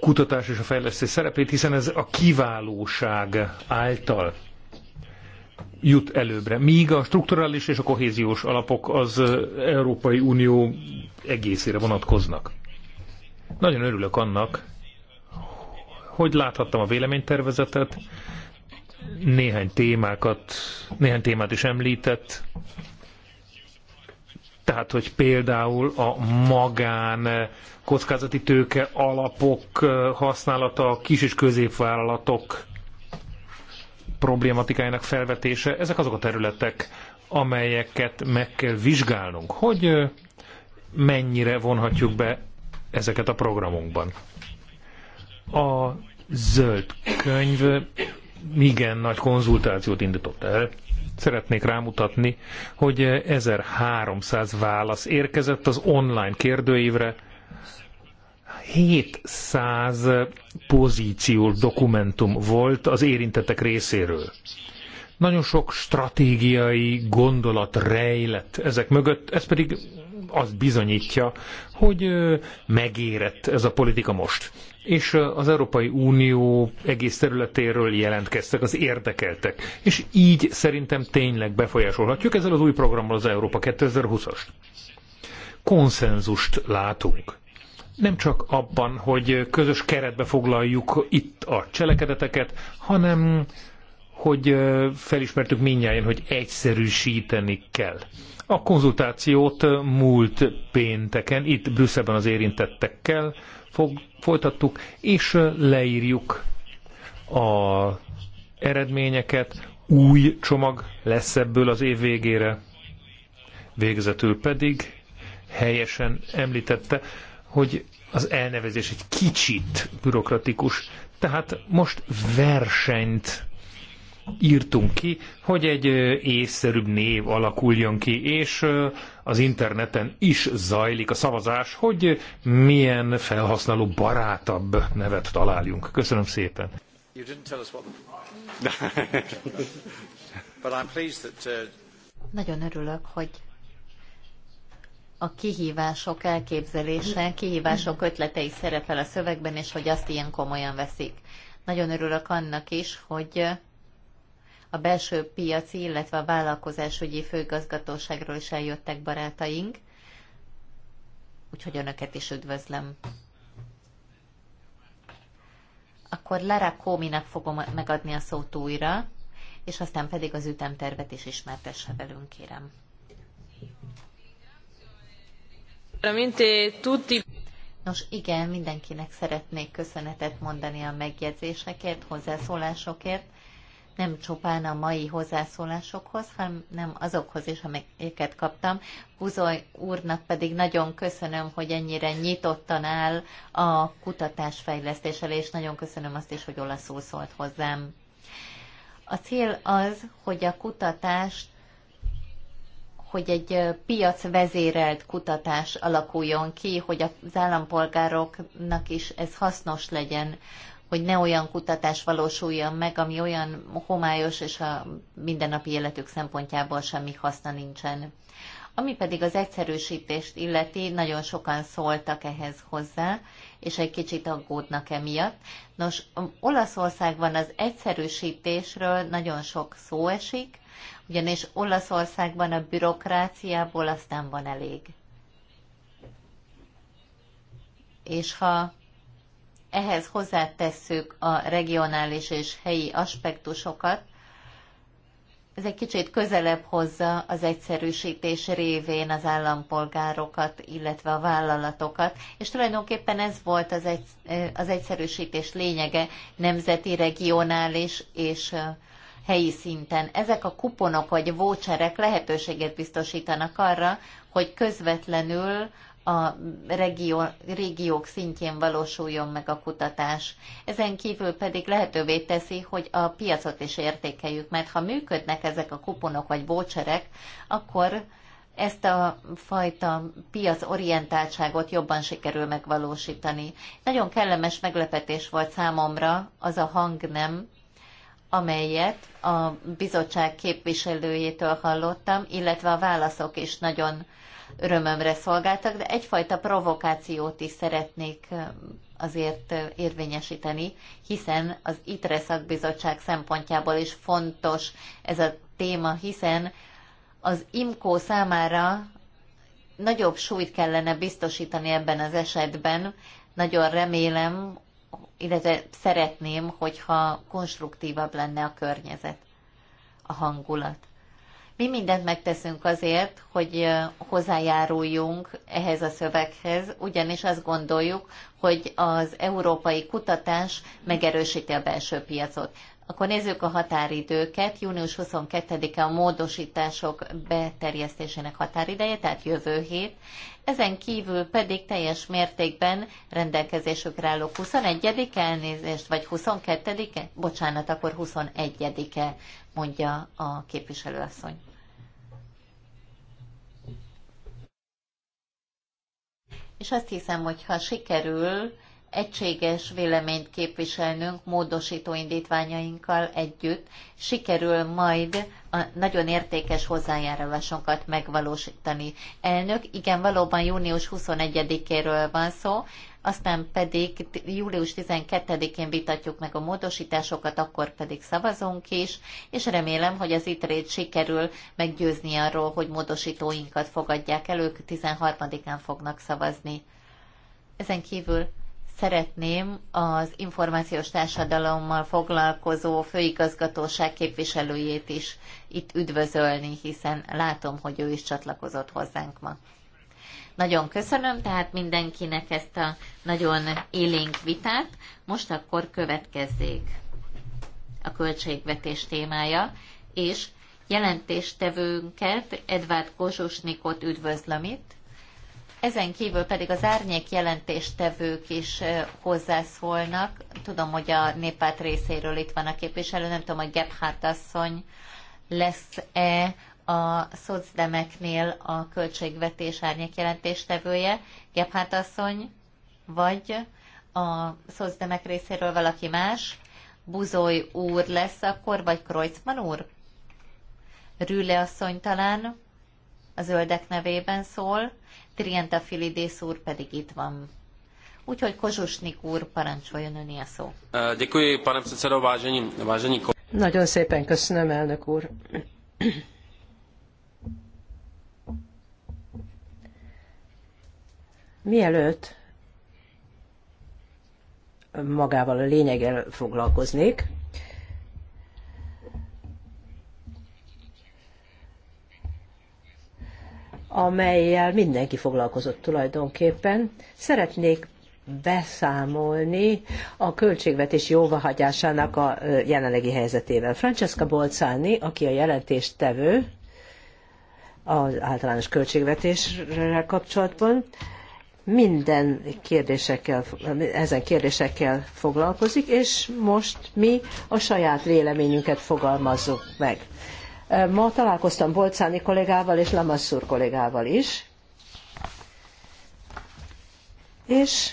kutatás és a fejlesztés szerepét, hiszen ez a kiválóság által jut előbbre, míg a strukturális és a kohéziós alapok az Európai Unió egészére vonatkoznak. Nagyon örülök annak, hogy láthattam a véleménytervezetet, néhány témákat, néhány témát is említett, tehát, hogy például a magán kockázati tőke alapok használata, a kis és középvállalatok problématikájának felvetése, ezek azok a területek, amelyeket meg kell vizsgálnunk, hogy mennyire vonhatjuk be ezeket a programunkban. A zöld könyv igen nagy konzultációt indított el. Szeretnék rámutatni, hogy 1300 válasz érkezett az online kérdőívre, 700 pozíciós dokumentum volt az érintettek részéről. Nagyon sok stratégiai gondolat rejlett ezek mögött, ez pedig azt bizonyítja, hogy megérett ez a politika most. És az Európai Unió egész területéről jelentkeztek az érdekeltek. És így szerintem tényleg befolyásolhatjuk ezzel az új programmal az Európa 2020-ast. Konszenzust látunk nem csak abban, hogy közös keretbe foglaljuk itt a cselekedeteket, hanem hogy felismertük mindjárt, hogy egyszerűsíteni kell. A konzultációt múlt pénteken itt Brüsszelben az érintettekkel fog, folytattuk, és leírjuk a eredményeket, új csomag lesz ebből az év végére. Végezetül pedig helyesen említette, hogy az elnevezés egy kicsit bürokratikus. Tehát most versenyt írtunk ki, hogy egy észszerűbb név alakuljon ki, és az interneten is zajlik a szavazás, hogy milyen felhasználó barátabb nevet találjunk. Köszönöm szépen. Uh, Nagyon örülök, hogy a kihívások elképzelése, kihívások ötletei szerepel a szövegben, és hogy azt ilyen komolyan veszik. Nagyon örülök annak is, hogy a belső piaci, illetve a vállalkozásügyi főigazgatóságról is eljöttek barátaink, úgyhogy önöket is üdvözlöm. Akkor Lara Kóminak fogom megadni a szót újra, és aztán pedig az ütemtervet is ismertesse velünk, kérem. Nos igen, mindenkinek szeretnék köszönetet mondani a megjegyzésekért, hozzászólásokért, nem csupán a mai hozzászólásokhoz, hanem azokhoz is, amelyeket kaptam. Buzoly úrnak pedig nagyon köszönöm, hogy ennyire nyitottan áll a kutatás fejlesztéssel, és nagyon köszönöm azt is, hogy olaszul szólt hozzám. A cél az, hogy a kutatást hogy egy piacvezérelt kutatás alakuljon ki, hogy az állampolgároknak is ez hasznos legyen, hogy ne olyan kutatás valósuljon meg, ami olyan homályos, és a mindennapi életük szempontjából semmi haszna nincsen. Ami pedig az egyszerűsítést illeti, nagyon sokan szóltak ehhez hozzá, és egy kicsit aggódnak emiatt. Nos, Olaszországban az egyszerűsítésről nagyon sok szó esik, ugyanis Olaszországban a bürokráciából nem van elég. És ha ehhez hozzátesszük a regionális és helyi aspektusokat, ez egy kicsit közelebb hozza az egyszerűsítés révén az állampolgárokat, illetve a vállalatokat, és tulajdonképpen ez volt az, egy, az egyszerűsítés lényege, nemzeti, regionális és helyi szinten. Ezek a kuponok vagy voucherek lehetőséget biztosítanak arra, hogy közvetlenül a regió, régiók szintjén valósuljon meg a kutatás. Ezen kívül pedig lehetővé teszi, hogy a piacot is értékeljük, mert ha működnek ezek a kuponok vagy voucherek, akkor ezt a fajta piacorientáltságot jobban sikerül megvalósítani. Nagyon kellemes meglepetés volt számomra az a hangnem, amelyet a bizottság képviselőjétől hallottam, illetve a válaszok is nagyon örömömre szolgáltak, de egyfajta provokációt is szeretnék azért érvényesíteni, hiszen az ITRE szakbizottság szempontjából is fontos ez a téma, hiszen az IMKO számára nagyobb súlyt kellene biztosítani ebben az esetben. Nagyon remélem, illetve szeretném, hogyha konstruktívabb lenne a környezet, a hangulat. Mi mindent megteszünk azért, hogy hozzájáruljunk ehhez a szöveghez, ugyanis azt gondoljuk, hogy az európai kutatás megerősíti a belső piacot. Akkor nézzük a határidőket. Június 22-e a módosítások beterjesztésének határideje, tehát jövő hét. Ezen kívül pedig teljes mértékben rendelkezésükre álló 21 elnézést, vagy 22-e? Bocsánat, akkor 21-e, mondja a képviselőasszony. És azt hiszem, hogy ha sikerül egységes véleményt képviselnünk módosító indítványainkkal együtt, sikerül majd a nagyon értékes hozzájárulásunkat megvalósítani. Elnök, igen, valóban június 21-éről van szó, aztán pedig július 12-én vitatjuk meg a módosításokat, akkor pedig szavazunk is, és remélem, hogy az itrét sikerül meggyőzni arról, hogy módosítóinkat fogadják el, ők 13-án fognak szavazni. Ezen kívül szeretném az információs társadalommal foglalkozó főigazgatóság képviselőjét is itt üdvözölni, hiszen látom, hogy ő is csatlakozott hozzánk ma. Nagyon köszönöm tehát mindenkinek ezt a nagyon élénk vitát. Most akkor következzék a költségvetés témája, és jelentéstevőnket, Edvard Kozsusnikot üdvözlöm itt, ezen kívül pedig az árnyék jelentéstevők is hozzászólnak. Tudom, hogy a néppárt részéről itt van a képviselő, nem tudom, hogy Gebhardt asszony lesz-e a szocdemeknél a költségvetés árnyék jelentéstevője, Gebhardt asszony, vagy a szocdemek részéről valaki más, Buzoly úr lesz akkor, vagy Kreutzmann úr? Rüle asszony talán a zöldek nevében szól, Filidész úr pedig itt van. Úgyhogy Kozsusnik úr, parancsoljon öné a szó. Děkuji, pane předsedo, vážení, vážení Nagyon szépen köszönöm, elnök úr. Mielőtt magával a lényeggel foglalkoznék, amelyel mindenki foglalkozott tulajdonképpen. Szeretnék beszámolni a költségvetés jóvahagyásának a jelenlegi helyzetével. Francesca Bolcáni, aki a jelentést tevő az általános költségvetésre kapcsolatban, minden kérdésekkel, ezen kérdésekkel foglalkozik, és most mi a saját véleményünket fogalmazzuk meg. Ma találkoztam Bolcáni kollégával és Lamassur kollégával is, és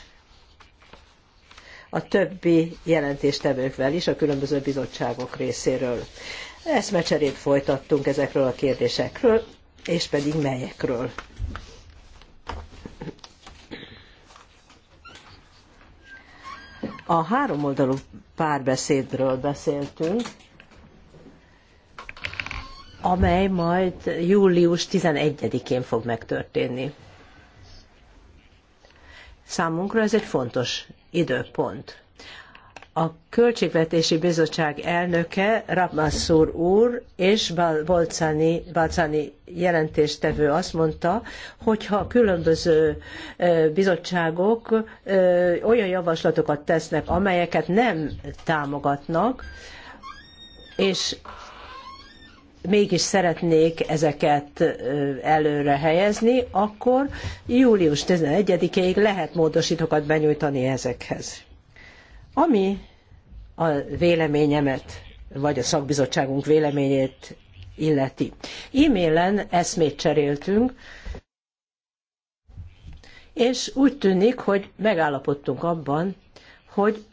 a többi jelentéstevőkvel is a különböző bizottságok részéről. Eszmecserét folytattunk ezekről a kérdésekről, és pedig melyekről. A háromoldalú párbeszédről beszéltünk, amely majd július 11-én fog megtörténni. Számunkra ez egy fontos időpont. A Költségvetési Bizottság elnöke Rabmasszúr úr és Balcani, Balcani jelentéstevő azt mondta, hogy ha különböző bizottságok olyan javaslatokat tesznek, amelyeket nem támogatnak, és mégis szeretnék ezeket előre helyezni, akkor július 11-ig lehet módosítókat benyújtani ezekhez. Ami a véleményemet, vagy a szakbizottságunk véleményét illeti. E-mailen eszmét cseréltünk, és úgy tűnik, hogy megállapodtunk abban, hogy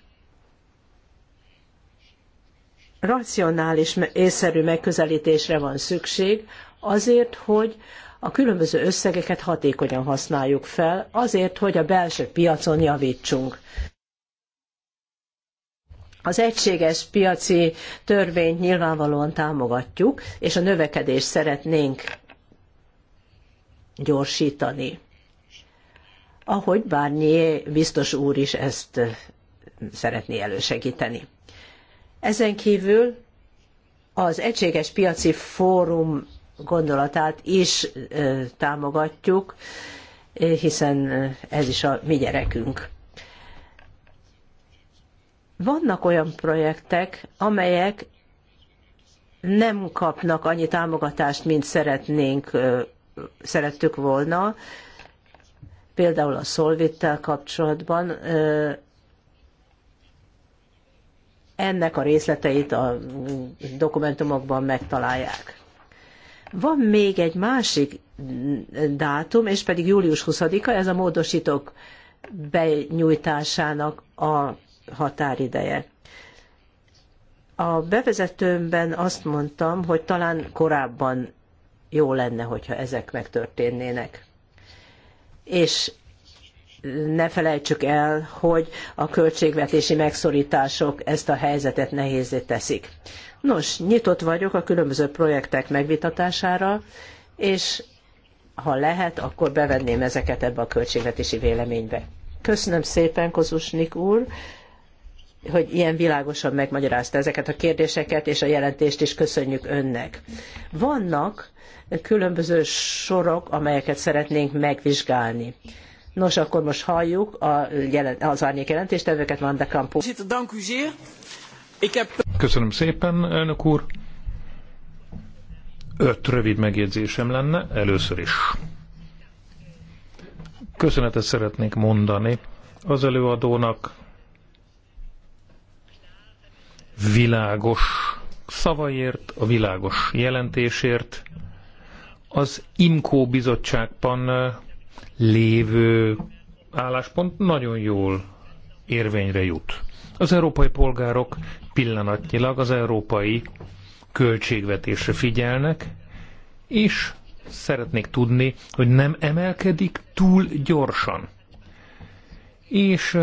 racionális, észszerű megközelítésre van szükség, azért, hogy a különböző összegeket hatékonyan használjuk fel, azért, hogy a belső piacon javítsunk. Az egységes piaci törvényt nyilvánvalóan támogatjuk, és a növekedést szeretnénk gyorsítani. Ahogy Bárnyé biztos úr is ezt szeretné elősegíteni. Ezen kívül az egységes piaci fórum gondolatát is támogatjuk, hiszen ez is a mi gyerekünk. Vannak olyan projektek, amelyek nem kapnak annyi támogatást, mint szeretnénk, szerettük volna. Például a Szolvittel kapcsolatban ennek a részleteit a dokumentumokban megtalálják. Van még egy másik dátum, és pedig július 20-a, ez a módosítók benyújtásának a határideje. A bevezetőmben azt mondtam, hogy talán korábban jó lenne, hogyha ezek megtörténnének. És ne felejtsük el, hogy a költségvetési megszorítások ezt a helyzetet nehézé teszik. Nos, nyitott vagyok a különböző projektek megvitatására, és ha lehet, akkor bevenném ezeket ebbe a költségvetési véleménybe. Köszönöm szépen, Kozusnik úr, hogy ilyen világosan megmagyarázta ezeket a kérdéseket, és a jelentést is köszönjük önnek. Vannak különböző sorok, amelyeket szeretnénk megvizsgálni. Nos, akkor most halljuk a jelen, az árnyék jelentéstevőket, Van de Kampó. Köszönöm szépen, elnök úr. Öt rövid megjegyzésem lenne, először is. Köszönetet szeretnék mondani az előadónak. Világos szavaért, a világos jelentésért. Az IMCO bizottságban lévő álláspont nagyon jól érvényre jut. Az európai polgárok pillanatnyilag az európai költségvetésre figyelnek, és szeretnék tudni, hogy nem emelkedik túl gyorsan. És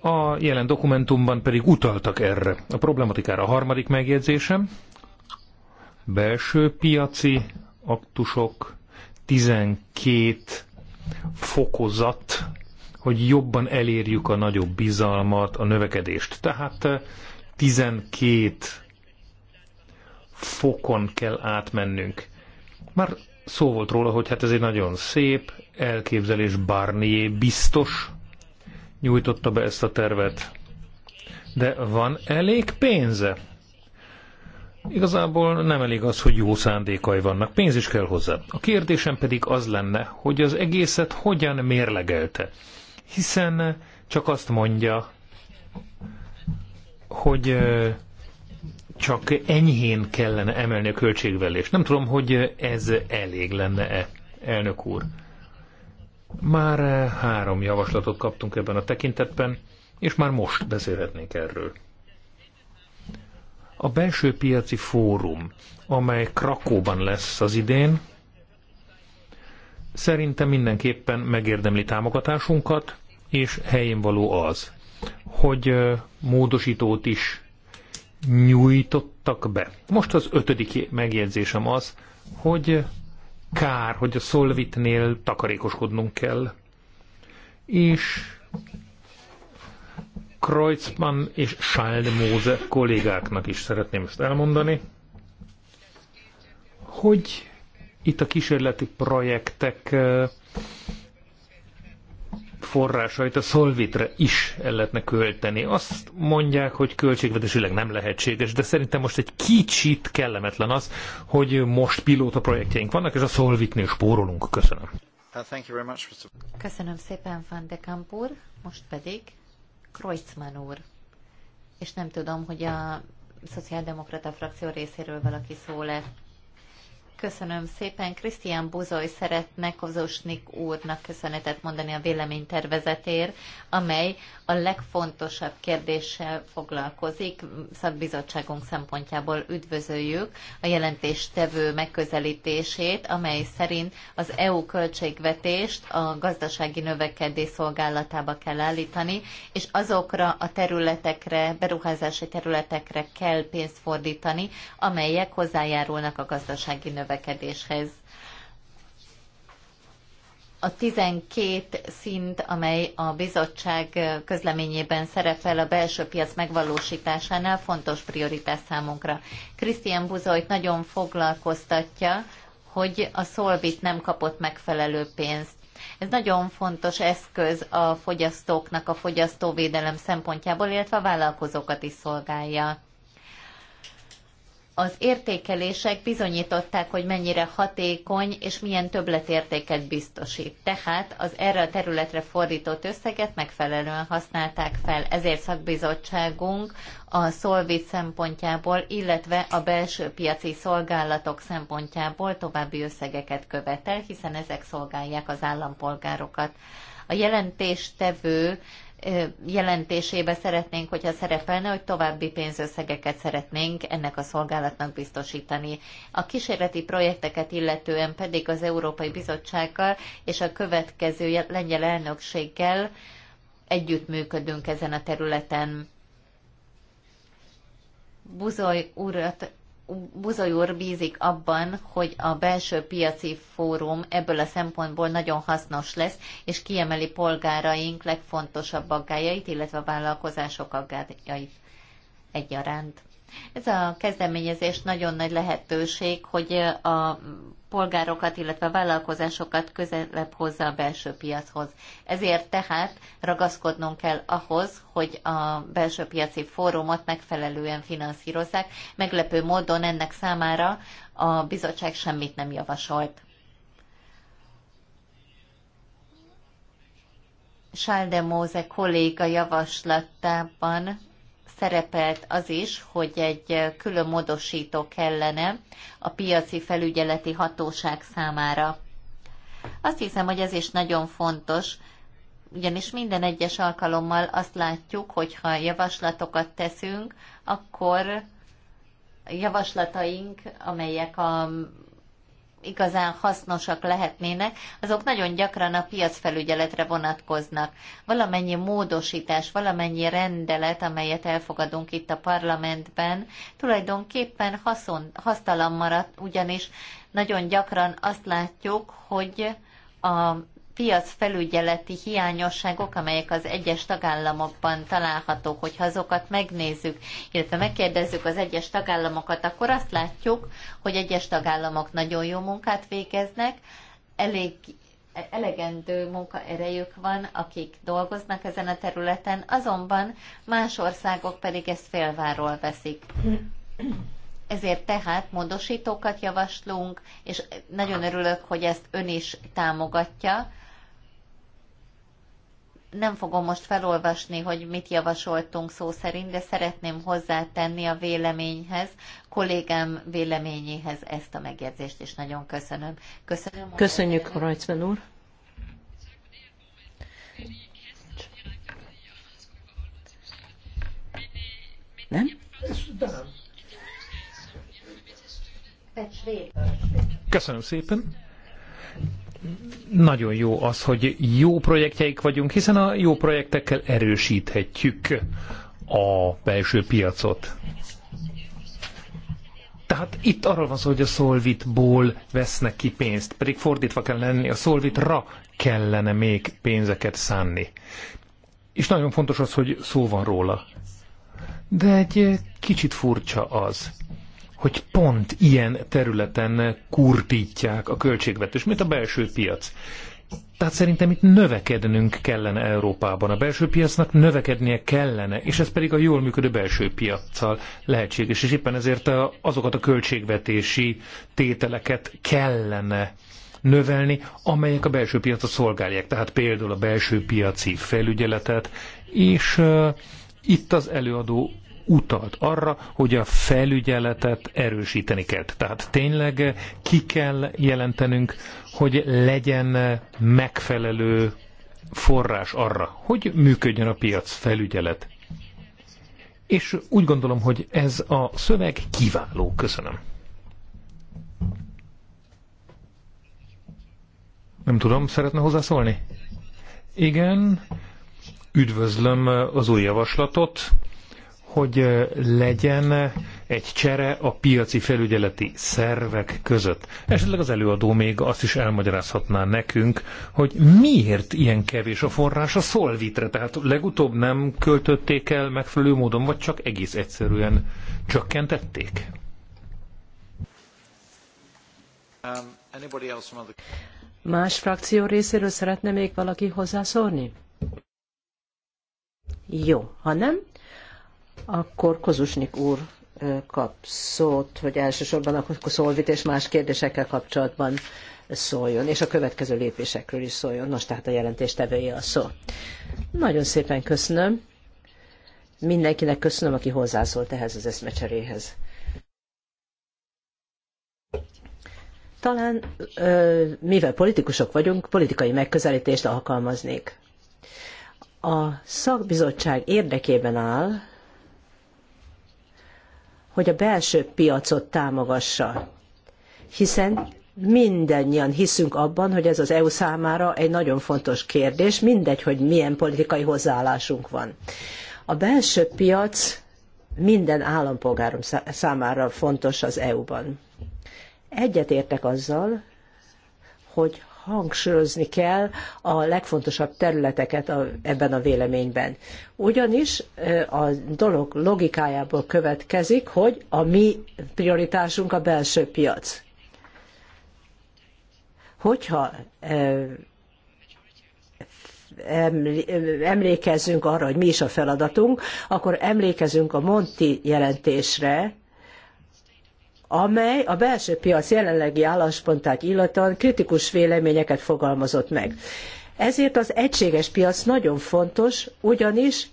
a jelen dokumentumban pedig utaltak erre. A problematikára a harmadik megjegyzésem, belső piaci aktusok, 12 fokozat, hogy jobban elérjük a nagyobb bizalmat, a növekedést. Tehát 12 eh, fokon kell átmennünk. Már szó volt róla, hogy hát ez egy nagyon szép elképzelés, Barnier biztos nyújtotta be ezt a tervet. De van elég pénze? Igazából nem elég az, hogy jó szándékai vannak, pénz is kell hozzá. A kérdésem pedig az lenne, hogy az egészet hogyan mérlegelte. Hiszen csak azt mondja, hogy csak enyhén kellene emelni a költségvelést. Nem tudom, hogy ez elég lenne-e, elnök úr. Már három javaslatot kaptunk ebben a tekintetben, és már most beszélhetnénk erről. A belső piaci fórum, amely Krakóban lesz az idén, szerintem mindenképpen megérdemli támogatásunkat, és helyén való az, hogy módosítót is nyújtottak be. Most az ötödik megjegyzésem az, hogy kár, hogy a Szolvitnél takarékoskodnunk kell. És Kreuzmann és Schaldemose kollégáknak is szeretném ezt elmondani, hogy itt a kísérleti projektek forrásait a szolvitre is el lehetne költeni. Azt mondják, hogy költségvetésileg nem lehetséges, de szerintem most egy kicsit kellemetlen az, hogy most pilóta projektjeink vannak, és a szolvitnél spórolunk. Köszönöm. Uh, Köszönöm szépen, Van de Kampur. Most pedig Kreuzmann úr. És nem tudom, hogy a szociáldemokrata frakció részéről valaki szól-e. Köszönöm szépen. Krisztián Buzoly szeretne Kozosnik úrnak köszönetet mondani a véleménytervezetért, amely a legfontosabb kérdéssel foglalkozik. Szakbizottságunk szempontjából üdvözöljük a jelentéstevő megközelítését, amely szerint az EU költségvetést a gazdasági növekedés szolgálatába kell állítani, és azokra a területekre, beruházási területekre kell pénzt fordítani, amelyek hozzájárulnak a gazdasági növekedéshez közlekedéshez. A 12 szint, amely a bizottság közleményében szerepel a belső piac megvalósításánál, fontos prioritás számunkra. Krisztián Buzoit nagyon foglalkoztatja, hogy a szolvit nem kapott megfelelő pénzt. Ez nagyon fontos eszköz a fogyasztóknak a fogyasztóvédelem szempontjából, illetve a vállalkozókat is szolgálja az értékelések bizonyították, hogy mennyire hatékony és milyen többletértéket biztosít. Tehát az erre a területre fordított összeget megfelelően használták fel. Ezért szakbizottságunk a Solvit szempontjából, illetve a belső piaci szolgálatok szempontjából további összegeket követel, hiszen ezek szolgálják az állampolgárokat. A jelentéstevő jelentésébe szeretnénk, hogyha szerepelne, hogy további pénzösszegeket szeretnénk ennek a szolgálatnak biztosítani. A kísérleti projekteket illetően pedig az Európai Bizottsággal és a következő lengyel elnökséggel együttműködünk ezen a területen. Buzoly urat Buzoly úr bízik abban, hogy a belső piaci fórum ebből a szempontból nagyon hasznos lesz, és kiemeli polgáraink legfontosabb aggájait, illetve a vállalkozások aggájait egyaránt. Ez a kezdeményezés nagyon nagy lehetőség, hogy a polgárokat, illetve vállalkozásokat közelebb hozza a belső piachoz. Ezért tehát ragaszkodnunk kell ahhoz, hogy a belső piaci fórumot megfelelően finanszírozzák. Meglepő módon ennek számára a bizottság semmit nem javasolt. Sáldemóze kolléga javaslatában szerepelt az is, hogy egy külön módosító kellene a piaci felügyeleti hatóság számára. Azt hiszem, hogy ez is nagyon fontos, ugyanis minden egyes alkalommal azt látjuk, hogy ha javaslatokat teszünk, akkor javaslataink, amelyek a igazán hasznosak lehetnének, azok nagyon gyakran a piacfelügyeletre vonatkoznak. Valamennyi módosítás, valamennyi rendelet, amelyet elfogadunk itt a parlamentben, tulajdonképpen haszon, hasztalan maradt, ugyanis nagyon gyakran azt látjuk, hogy a piacfelügyeleti hiányosságok, amelyek az egyes tagállamokban találhatók, hogyha azokat megnézzük, illetve megkérdezzük az egyes tagállamokat, akkor azt látjuk, hogy egyes tagállamok nagyon jó munkát végeznek, elég elegendő munkaerejük van, akik dolgoznak ezen a területen, azonban más országok pedig ezt félváról veszik. Ezért tehát módosítókat javaslunk, és nagyon örülök, hogy ezt ön is támogatja, nem fogom most felolvasni, hogy mit javasoltunk szó szerint, de szeretném hozzátenni a véleményhez, kollégám véleményéhez ezt a megjegyzést, és nagyon köszönöm. Köszönöm. Köszönjük, Rajcmen úr. Nem? Köszönöm szépen nagyon jó az, hogy jó projektjeik vagyunk, hiszen a jó projektekkel erősíthetjük a belső piacot. Tehát itt arról van szó, hogy a Solvitból vesznek ki pénzt, pedig fordítva kell lenni, a Solvitra kellene még pénzeket szánni. És nagyon fontos az, hogy szó van róla. De egy kicsit furcsa az, hogy pont ilyen területen kurtítják a költségvetést, mint a belső piac. Tehát szerintem itt növekednünk kellene Európában. A belső piacnak növekednie kellene, és ez pedig a jól működő belső piaccal lehetséges. És éppen ezért azokat a költségvetési tételeket kellene növelni, amelyek a belső piacot szolgálják. Tehát például a belső piaci felügyeletet, és uh, itt az előadó utalt arra, hogy a felügyeletet erősíteni kell. Tehát tényleg ki kell jelentenünk, hogy legyen megfelelő forrás arra, hogy működjön a piac felügyelet. És úgy gondolom, hogy ez a szöveg kiváló. Köszönöm. Nem tudom, szeretne hozzászólni? Igen, üdvözlöm az új javaslatot, hogy legyen egy csere a piaci felügyeleti szervek között. Esetleg az előadó még azt is elmagyarázhatná nekünk, hogy miért ilyen kevés a forrás a szolvitre, tehát legutóbb nem költötték el megfelelő módon, vagy csak egész egyszerűen csökkentették? Um, Más frakció részéről szeretne még valaki hozzászólni? Jó, ha nem, akkor Kozusnik úr kap szót, hogy elsősorban akkor szolvit és más kérdésekkel kapcsolatban szóljon, és a következő lépésekről is szóljon. Nos, tehát a tevője a szó. Nagyon szépen köszönöm. Mindenkinek köszönöm, aki hozzászólt ehhez az eszmecseréhez. Talán, mivel politikusok vagyunk, politikai megközelítést alkalmaznék. A szakbizottság érdekében áll, hogy a belső piacot támogassa. Hiszen mindannyian hiszünk abban, hogy ez az EU számára egy nagyon fontos kérdés, mindegy, hogy milyen politikai hozzáállásunk van. A belső piac minden állampolgárom számára fontos az EU-ban. Egyetértek azzal, hogy hangsúlyozni kell a legfontosabb területeket a, ebben a véleményben. Ugyanis a dolog logikájából következik, hogy a mi prioritásunk a belső piac. Hogyha emlékezzünk arra, hogy mi is a feladatunk, akkor emlékezünk a Monti jelentésre, amely a belső piac jelenlegi álláspontát illetően kritikus véleményeket fogalmazott meg. Ezért az egységes piac nagyon fontos, ugyanis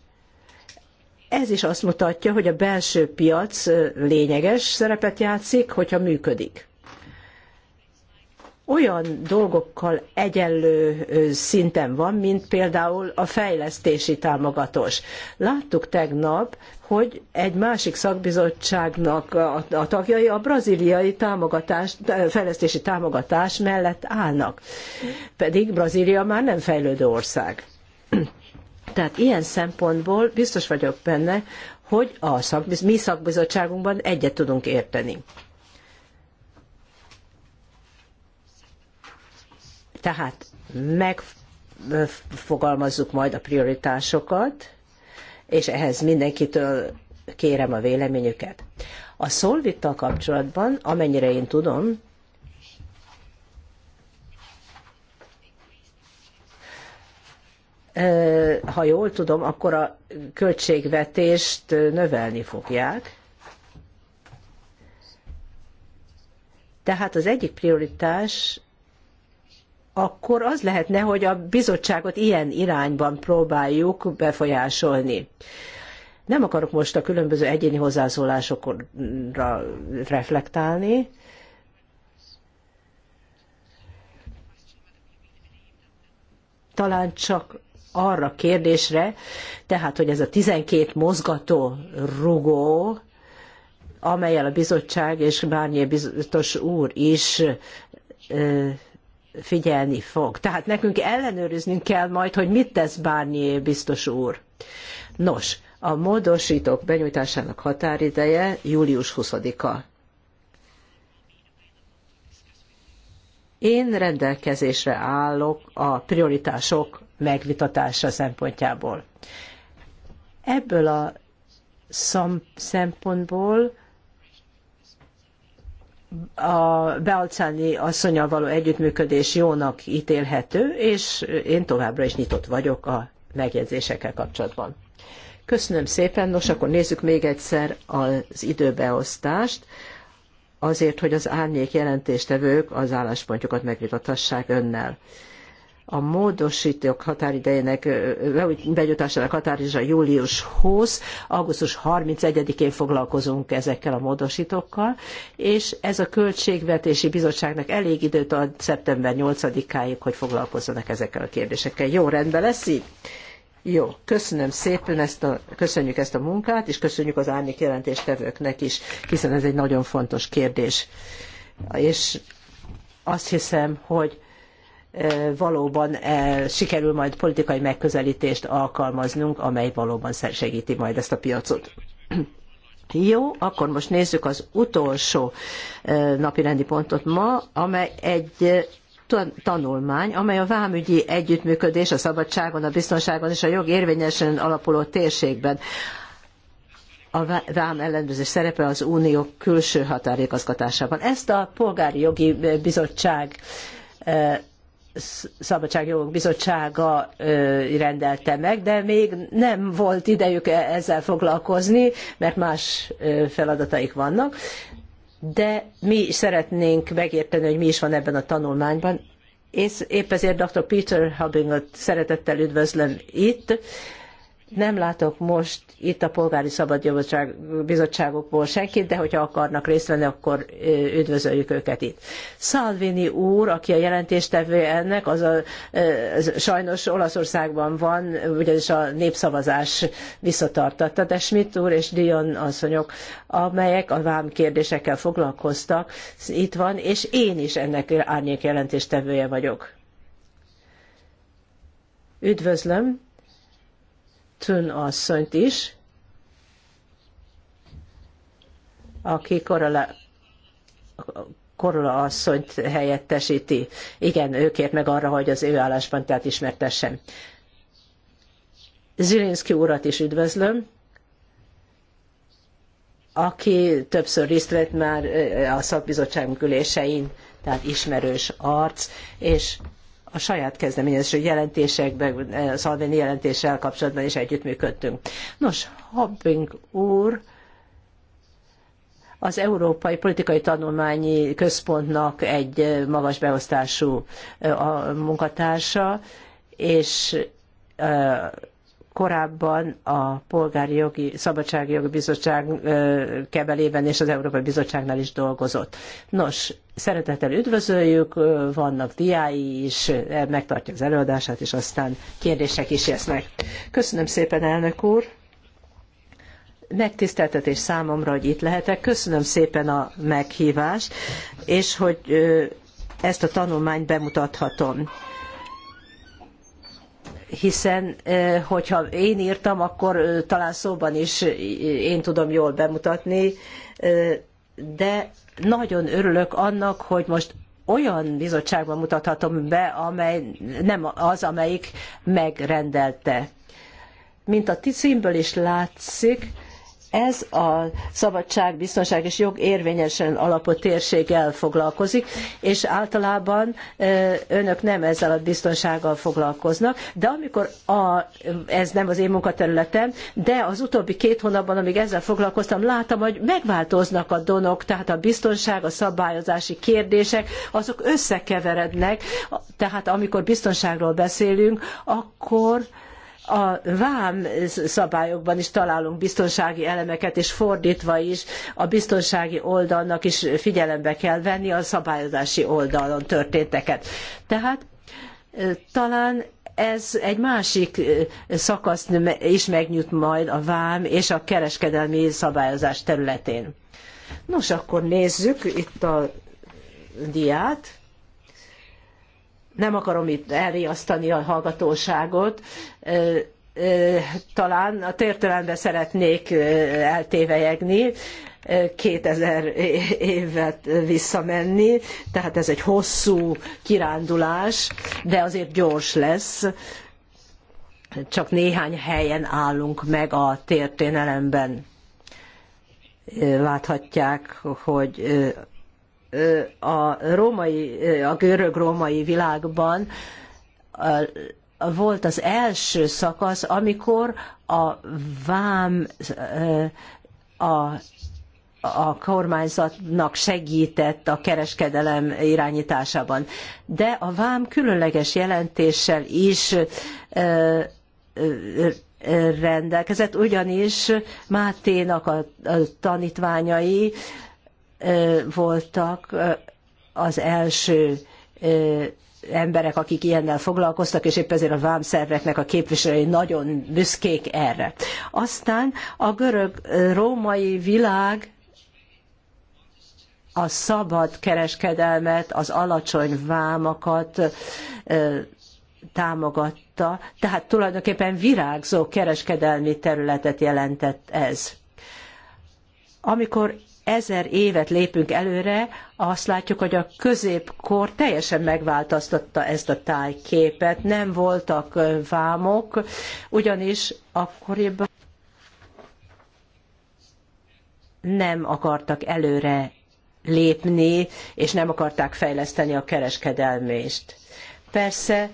ez is azt mutatja, hogy a belső piac lényeges szerepet játszik, hogyha működik olyan dolgokkal egyenlő szinten van, mint például a fejlesztési támogatós. Láttuk tegnap, hogy egy másik szakbizottságnak a tagjai a braziliai támogatás, fejlesztési támogatás mellett állnak. Pedig Brazília már nem fejlődő ország. Tehát ilyen szempontból biztos vagyok benne, hogy a szakbiz- mi szakbizottságunkban egyet tudunk érteni. Tehát megfogalmazzuk majd a prioritásokat, és ehhez mindenkitől kérem a véleményüket. A szolvittal kapcsolatban, amennyire én tudom, ha jól tudom, akkor a költségvetést növelni fogják. Tehát az egyik prioritás akkor az lehetne, hogy a bizottságot ilyen irányban próbáljuk befolyásolni. Nem akarok most a különböző egyéni hozzászólásokra reflektálni, talán csak arra kérdésre, tehát, hogy ez a 12 mozgató rugó, amelyel a bizottság és Bárnyé biztos úr is figyelni fog. Tehát nekünk ellenőriznünk kell majd, hogy mit tesz bárnyi biztos úr. Nos, a módosítók benyújtásának határideje július 20-a. Én rendelkezésre állok a prioritások megvitatása szempontjából. Ebből a szempontból a Bealcáni asszonyal való együttműködés jónak ítélhető, és én továbbra is nyitott vagyok a megjegyzésekkel kapcsolatban. Köszönöm szépen, nos akkor nézzük még egyszer az időbeosztást, azért, hogy az árnyék jelentéstevők az álláspontjukat megvitathassák önnel a módosítók határidejének, bejutásának határiza július 20, augusztus 31-én foglalkozunk ezekkel a módosítókkal, és ez a Költségvetési Bizottságnak elég időt ad szeptember 8-áig, hogy foglalkozzanak ezekkel a kérdésekkel. Jó, rendben lesz így? Jó, köszönöm szépen ezt a, köszönjük ezt a munkát, és köszönjük az árnyék jelentéstevőknek is, hiszen ez egy nagyon fontos kérdés. És azt hiszem, hogy valóban sikerül majd politikai megközelítést alkalmaznunk, amely valóban segíti majd ezt a piacot. Jó, akkor most nézzük az utolsó napirendi pontot ma, amely egy tanulmány, amely a vámügyi együttműködés a szabadságon, a biztonságon és a jog érvényesen alapuló térségben a vám ellenőrzés szerepe az unió külső határigazgatásában. Ezt a Polgári Jogi Bizottság Szabadságjogok Bizottsága rendelte meg, de még nem volt idejük e- ezzel foglalkozni, mert más feladataik vannak. De mi is szeretnénk megérteni, hogy mi is van ebben a tanulmányban. És épp ezért dr. Peter Hubbingot szeretettel üdvözlöm itt, nem látok most itt a Polgári Szabadjogoság Bizottságokból senkit, de hogyha akarnak részt venni, akkor üdvözöljük őket itt. Salvini úr, aki a jelentéstevő ennek, az a, az sajnos Olaszországban van, ugyanis a népszavazás visszatartatta, de Schmidt úr és Dion asszonyok, amelyek a vám kérdésekkel foglalkoztak, itt van, és én is ennek árnyék jelentéstevője vagyok. Üdvözlöm! Tön asszonyt is, aki Korola, Korola asszonyt helyettesíti. Igen, ő kért meg arra, hogy az ő tehát ismertessem. Zilinszki urat is üdvözlöm, aki többször részt vett már a szakbizottságunk ülésein, tehát ismerős arc, és a saját kezdeményezésű jelentésekben, eh, Szalvéni jelentéssel kapcsolatban is együttműködtünk. Nos, Habbing úr az Európai Politikai Tanulmányi Központnak egy eh, magas beosztású eh, munkatársa, és korábban a Polgári Jogi szabadsági jogi Bizottság kebelében és az Európai Bizottságnál is dolgozott. Nos, szeretettel üdvözöljük, vannak diái is, megtartja az előadását, és aztán kérdések is lesznek. Köszönöm szépen, elnök úr! Megtiszteltetés számomra, hogy itt lehetek. Köszönöm szépen a meghívást, és hogy ezt a tanulmányt bemutathatom hiszen hogyha én írtam, akkor talán szóban is én tudom jól bemutatni, de nagyon örülök annak, hogy most olyan bizottságban mutathatom be, amely nem az, amelyik megrendelte. Mint a címből is látszik, ez a szabadság, biztonság és jog érvényesen alapot térséggel foglalkozik, és általában önök nem ezzel a biztonsággal foglalkoznak, de amikor a, ez nem az én munkaterületem, de az utóbbi két hónapban, amíg ezzel foglalkoztam, láttam, hogy megváltoznak a donok, tehát a biztonság, a szabályozási kérdések, azok összekeverednek, tehát amikor biztonságról beszélünk, akkor a vám szabályokban is találunk biztonsági elemeket, és fordítva is a biztonsági oldalnak is figyelembe kell venni a szabályozási oldalon történteket. Tehát talán ez egy másik szakaszt is megnyit majd a vám és a kereskedelmi szabályozás területén. Nos, akkor nézzük itt a diát. Nem akarom itt elriasztani a hallgatóságot, talán a tértelembe szeretnék eltévejegni, 2000 évet visszamenni, tehát ez egy hosszú kirándulás, de azért gyors lesz. Csak néhány helyen állunk meg a történelemben. Láthatják, hogy a római, a görög-római világban volt az első szakasz, amikor a vám a, a kormányzatnak segített a kereskedelem irányításában. De a vám különleges jelentéssel is rendelkezett, ugyanis Máténak a, a tanítványai voltak az első emberek, akik ilyennel foglalkoztak, és épp ezért a vámszerveknek a képviselői nagyon büszkék erre. Aztán a görög-római világ a szabad kereskedelmet, az alacsony vámakat támogatta, tehát tulajdonképpen virágzó kereskedelmi területet jelentett ez. Amikor ezer évet lépünk előre, azt látjuk, hogy a középkor teljesen megváltoztatta ezt a tájképet. Nem voltak vámok, ugyanis akkoriban nem akartak előre lépni, és nem akarták fejleszteni a kereskedelmést. Persze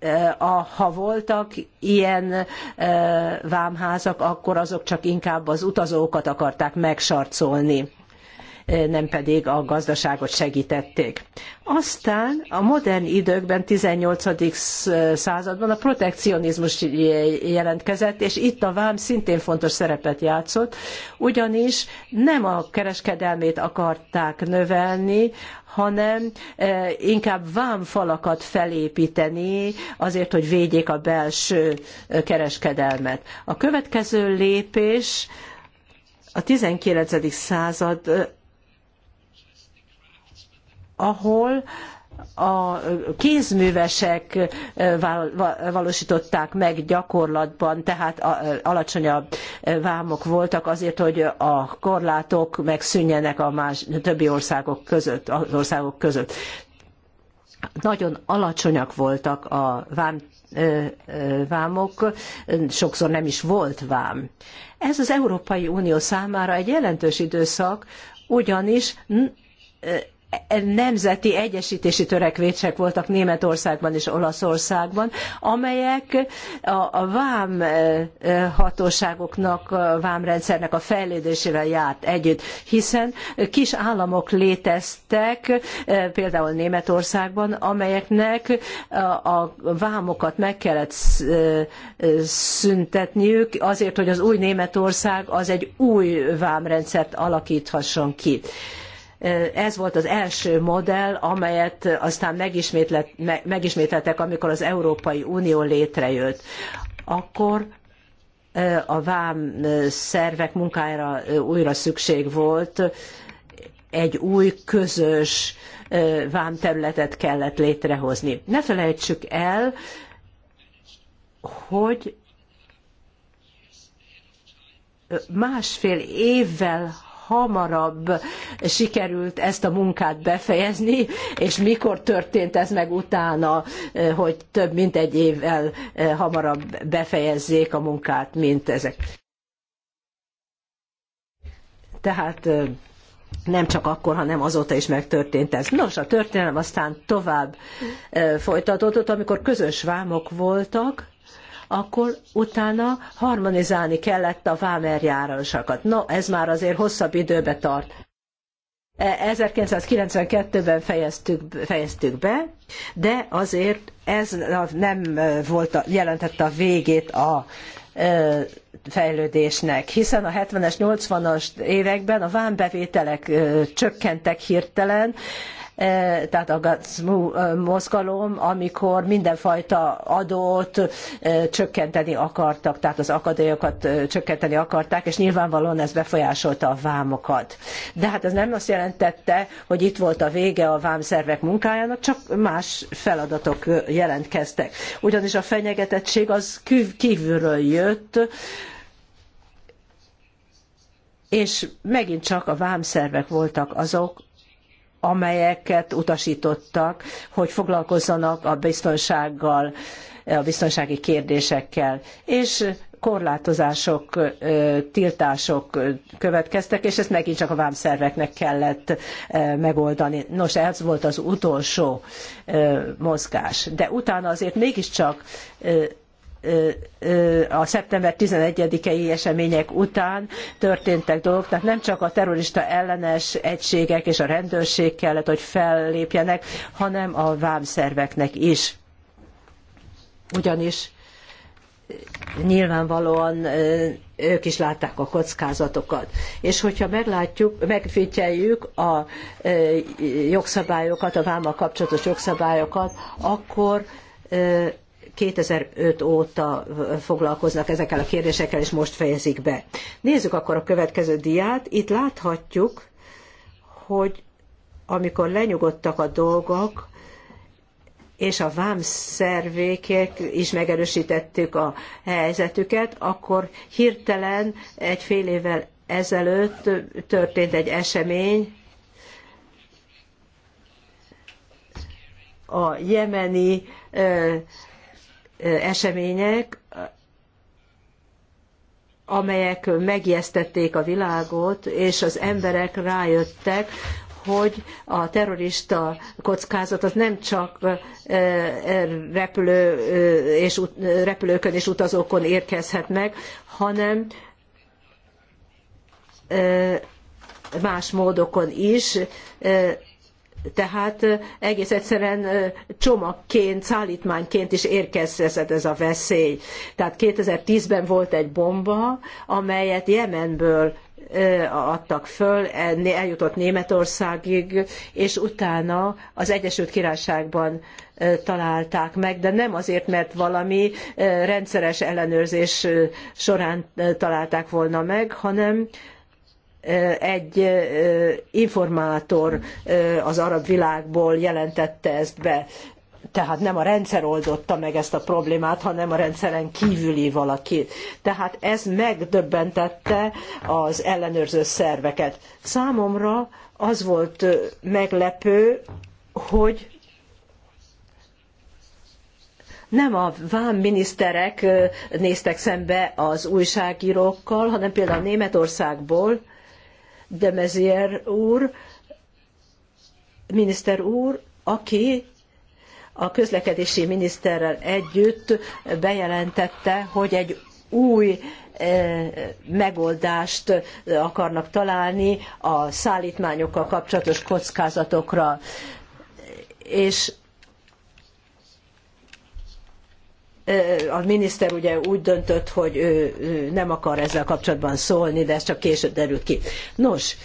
Eh, ha voltak ilyen eh, vámházak, akkor azok csak inkább az utazókat akarták megsarcolni nem pedig a gazdaságot segítették. Aztán a modern időkben, 18. században a protekcionizmus jelentkezett, és itt a vám szintén fontos szerepet játszott, ugyanis nem a kereskedelmét akarták növelni, hanem e, inkább vámfalakat felépíteni azért, hogy védjék a belső e, kereskedelmet. A következő lépés a 19. század e, ahol a kézművesek valósították meg gyakorlatban, tehát alacsonyabb vámok voltak azért, hogy a korlátok megszűnjenek a más, többi országok között, az országok között. Nagyon alacsonyak voltak a vám, vámok, sokszor nem is volt vám. Ez az Európai Unió számára egy jelentős időszak, ugyanis nemzeti egyesítési törekvések voltak Németországban és Olaszországban, amelyek a, vám eh, hatóságoknak, a vámrendszernek a fejlődésével járt együtt, hiszen kis államok léteztek, eh, például Németországban, amelyeknek a vámokat meg kellett eh, szüntetniük azért, hogy az új Németország az egy új vámrendszert alakíthasson ki. Ez volt az első modell, amelyet aztán megismételtek, amikor az Európai Unió létrejött. Akkor a vám szervek munkájára újra szükség volt, egy új közös vámterületet kellett létrehozni. Ne felejtsük el, hogy másfél évvel hamarabb sikerült ezt a munkát befejezni, és mikor történt ez meg utána, eh, hogy több mint egy évvel eh, hamarabb befejezzék a munkát, mint ezek. Tehát eh, nem csak akkor, hanem azóta is megtörtént ez. Nos, a történelem aztán tovább folytatódott, amikor közös vámok voltak, akkor utána harmonizálni kellett a vámerjárásokat. No, ez már azért hosszabb időbe tart. 1992-ben e, fejeztük, fejeztük be, de azért ez nem volt a, jelentette a végét a e, fejlődésnek, hiszen a 70-es, 80-as években a vámbevételek e, csökkentek hirtelen, E, tehát a GATSMU e, mozgalom, amikor mindenfajta adót e, csökkenteni akartak, tehát az akadályokat csökkenteni akarták, és nyilvánvalóan ez befolyásolta a vámokat. De hát ez nem azt jelentette, hogy itt volt a vége a vámszervek munkájának, csak más feladatok jelentkeztek. Ugyanis a fenyegetettség az kívülről jött, és megint csak a vámszervek voltak azok, amelyeket utasítottak, hogy foglalkozzanak a biztonsággal, a biztonsági kérdésekkel. És korlátozások, tiltások következtek, és ezt megint csak a vámszerveknek kellett megoldani. Nos, ez volt az utolsó mozgás. De utána azért mégiscsak a szeptember 11-i események után történtek dolgok, tehát nem csak a terrorista ellenes egységek és a rendőrség kellett, hogy fellépjenek, hanem a vámszerveknek is. Ugyanis nyilvánvalóan ők is látták a kockázatokat. És hogyha meglátjuk, megfigyeljük a jogszabályokat, a vámmal kapcsolatos jogszabályokat, akkor 2005 óta foglalkoznak ezekkel a kérdésekkel, és most fejezik be. Nézzük akkor a következő diát. Itt láthatjuk, hogy amikor lenyugodtak a dolgok, és a vám szervékek is megerősítettük a helyzetüket, akkor hirtelen egy fél évvel ezelőtt történt egy esemény, a jemeni események, amelyek megjesztették a világot, és az emberek rájöttek, hogy a terrorista kockázat az nem csak repülő és, repülőkön és utazókon érkezhet meg, hanem más módokon is, tehát egész egyszerűen csomagként, szállítmányként is érkezhet ez a veszély. Tehát 2010-ben volt egy bomba, amelyet Jemenből adtak föl, e, eljutott Németországig, és utána az Egyesült Királyságban találták meg, de nem azért, mert valami rendszeres ellenőrzés során találták volna meg, hanem egy informátor az arab világból jelentette ezt be. Tehát nem a rendszer oldotta meg ezt a problémát, hanem a rendszeren kívüli valaki. Tehát ez megdöbbentette az ellenőrző szerveket. Számomra az volt meglepő, hogy nem a vámminiszterek néztek szembe az újságírókkal, hanem például Németországból de Mezier úr, miniszter úr, aki a közlekedési miniszterrel együtt bejelentette, hogy egy új eh, megoldást akarnak találni a szállítmányokkal kapcsolatos kockázatokra. És a miniszter ugye úgy döntött, hogy ő nem akar ezzel kapcsolatban szólni, de ez csak később derült ki. Nos,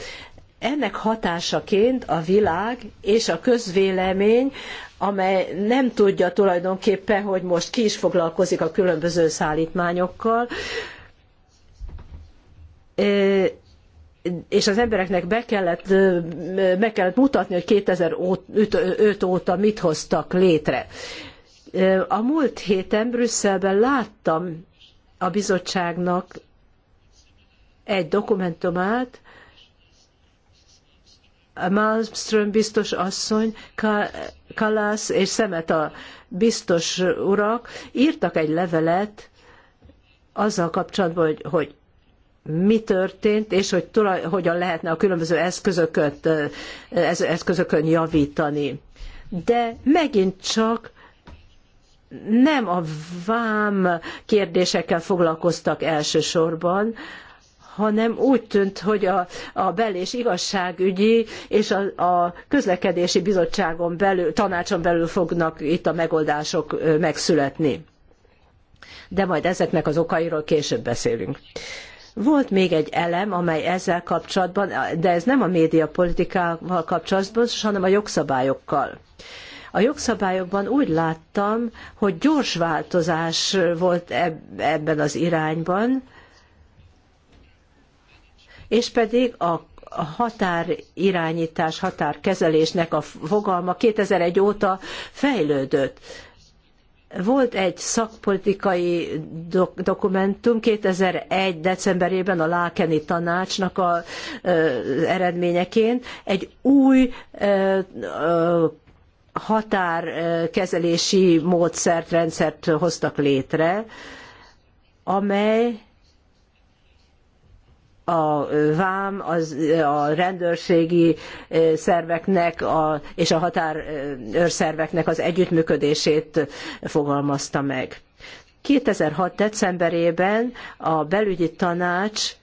ennek hatásaként a világ és a közvélemény, amely nem tudja tulajdonképpen, hogy most ki is foglalkozik a különböző szállítmányokkal, és az embereknek be kellett, meg kellett mutatni, hogy 2005 óta mit hoztak létre. A múlt héten Brüsszelben láttam a bizottságnak egy dokumentumát, Malmström biztos asszony, Kalász és Szemeta biztos urak írtak egy levelet azzal kapcsolatban, hogy, hogy mi történt, és hogy tulaj, hogyan lehetne a különböző eszközöket, eszközökön javítani. De megint csak nem a vám kérdésekkel foglalkoztak elsősorban, hanem úgy tűnt, hogy a, a bel- és igazságügyi és a, a közlekedési bizottságon belül, tanácson belül fognak itt a megoldások megszületni. De majd ezeknek az okairól később beszélünk. Volt még egy elem, amely ezzel kapcsolatban, de ez nem a médiapolitikával kapcsolatban, hanem a jogszabályokkal. A jogszabályokban úgy láttam, hogy gyors változás volt ebben az irányban, és pedig a a határirányítás, határkezelésnek a fogalma 2001 óta fejlődött. Volt egy szakpolitikai dokumentum 2001. decemberében a Lákeni tanácsnak az eredményeként, egy új határkezelési módszert, rendszert hoztak létre, amely a vám, az, a rendőrségi szerveknek a, és a határőrszerveknek az együttműködését fogalmazta meg. 2006. decemberében a belügyi tanács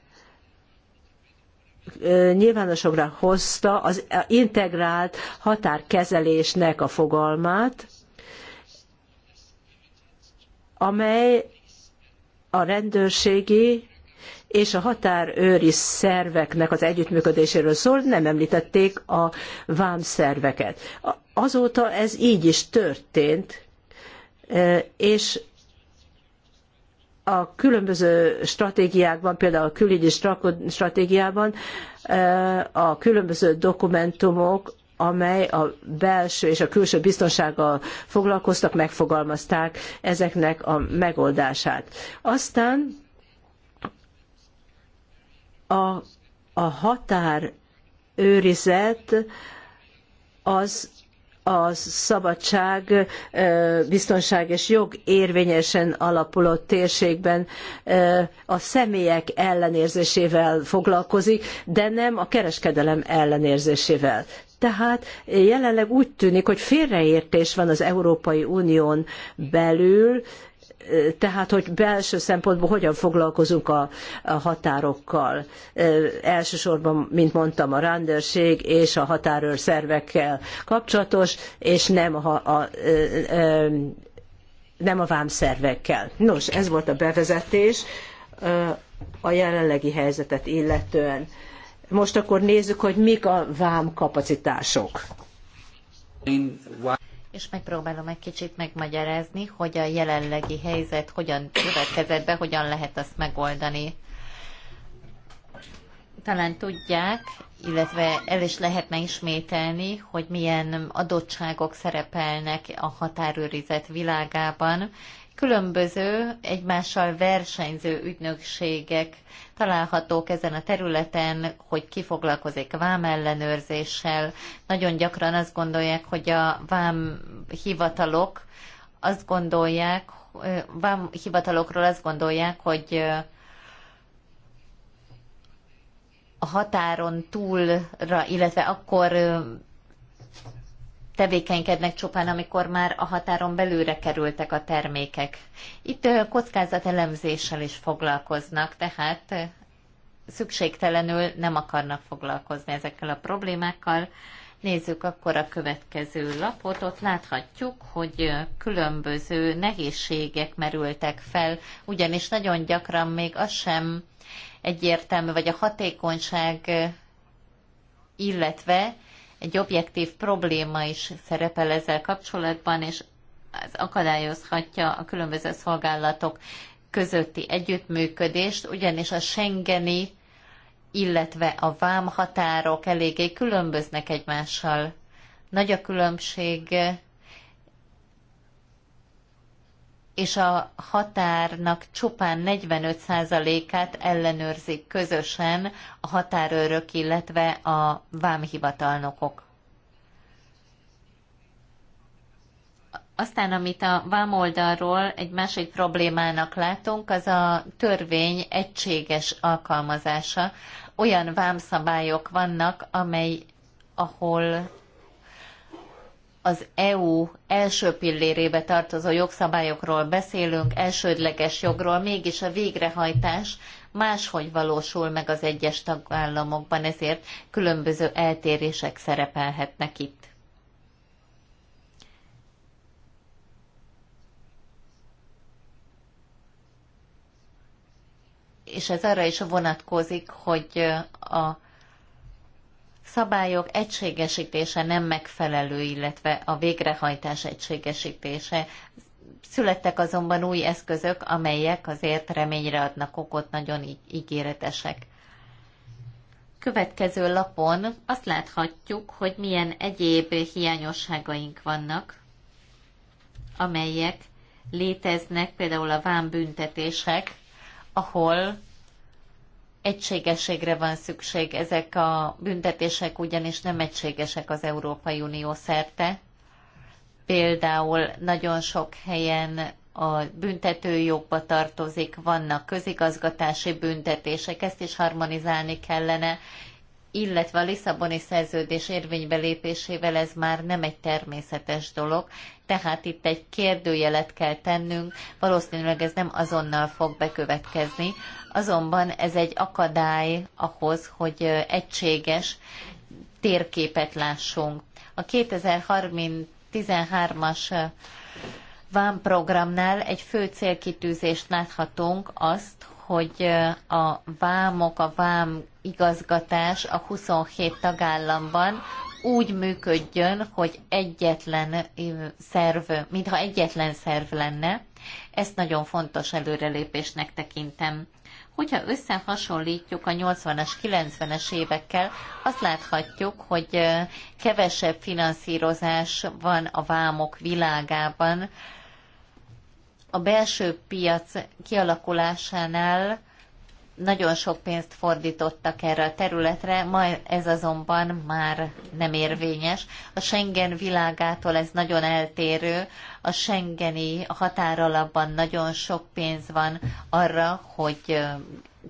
nyilvánosokra hozta az integrált határkezelésnek a fogalmát, amely a rendőrségi és a határőri szerveknek az együttműködéséről szól, nem említették a vámszerveket. Azóta ez így is történt, és a különböző stratégiákban, például a külügyi stratégiában a különböző dokumentumok, amely a belső és a külső biztonsággal foglalkoztak, megfogalmazták ezeknek a megoldását. Aztán a, a határőrizet az a szabadság, biztonság és jog érvényesen alapuló térségben a személyek ellenérzésével foglalkozik, de nem a kereskedelem ellenérzésével. Tehát jelenleg úgy tűnik, hogy félreértés van az Európai Unión belül, tehát, hogy belső szempontból hogyan foglalkozunk a, határokkal. Elsősorban, mint mondtam, a rendőrség és a határőr szervekkel kapcsolatos, és nem a, a, nem a vámszervekkel. Nos, ez volt a bevezetés a jelenlegi helyzetet illetően. Most akkor nézzük, hogy mik a vámkapacitások és megpróbálom egy kicsit megmagyarázni, hogy a jelenlegi helyzet hogyan következett be, hogyan lehet azt megoldani. Talán tudják, illetve el is lehetne ismételni, hogy milyen adottságok szerepelnek a határőrizet világában, Különböző, egymással versenyző ügynökségek találhatók ezen a területen, hogy ki foglalkozik vámellenőrzéssel. Nagyon gyakran azt gondolják, hogy a vám hivatalok azt gondolják, vám hivatalokról azt gondolják, hogy a határon túlra, illetve akkor tevékenykednek csupán, amikor már a határon belőre kerültek a termékek. Itt kockázatelemzéssel is foglalkoznak, tehát szükségtelenül nem akarnak foglalkozni ezekkel a problémákkal. Nézzük akkor a következő lapot, ott láthatjuk, hogy különböző nehézségek merültek fel, ugyanis nagyon gyakran még az sem egyértelmű, vagy a hatékonyság, illetve egy objektív probléma is szerepel ezzel kapcsolatban, és ez akadályozhatja a különböző szolgálatok közötti együttműködést, ugyanis a Schengeni, illetve a vámhatárok eléggé különböznek egymással. Nagy a különbség és a határnak csupán 45%-át ellenőrzik közösen a határőrök, illetve a vámhivatalnokok. Aztán, amit a vámoldalról egy másik problémának látunk, az a törvény egységes alkalmazása. Olyan vámszabályok vannak, amely, ahol az EU első pillérébe tartozó jogszabályokról beszélünk, elsődleges jogról, mégis a végrehajtás máshogy valósul meg az egyes tagállamokban, ezért különböző eltérések szerepelhetnek itt. És ez arra is vonatkozik, hogy a szabályok egységesítése nem megfelelő, illetve a végrehajtás egységesítése. Születtek azonban új eszközök, amelyek azért reményre adnak okot, nagyon ígéretesek. Következő lapon azt láthatjuk, hogy milyen egyéb hiányosságaink vannak, amelyek léteznek, például a vámbüntetések, ahol egységességre van szükség. Ezek a büntetések ugyanis nem egységesek az Európai Unió szerte. Például nagyon sok helyen a büntetőjogba tartozik, vannak közigazgatási büntetések, ezt is harmonizálni kellene, illetve a Lisszaboni szerződés érvénybe lépésével ez már nem egy természetes dolog, tehát itt egy kérdőjelet kell tennünk, valószínűleg ez nem azonnal fog bekövetkezni, azonban ez egy akadály ahhoz, hogy egységes térképet lássunk. A 2013-as VAM programnál egy fő célkitűzést láthatunk azt, hogy a vámok, a vám igazgatás a 27 tagállamban úgy működjön, hogy egyetlen szerv, mintha egyetlen szerv lenne. Ezt nagyon fontos előrelépésnek tekintem. Hogyha összehasonlítjuk a 80-as, 90-es évekkel, azt láthatjuk, hogy kevesebb finanszírozás van a vámok világában, a belső piac kialakulásánál nagyon sok pénzt fordítottak erre a területre, ma ez azonban már nem érvényes. A Schengen világától ez nagyon eltérő. A Schengeni határ alapban nagyon sok pénz van arra, hogy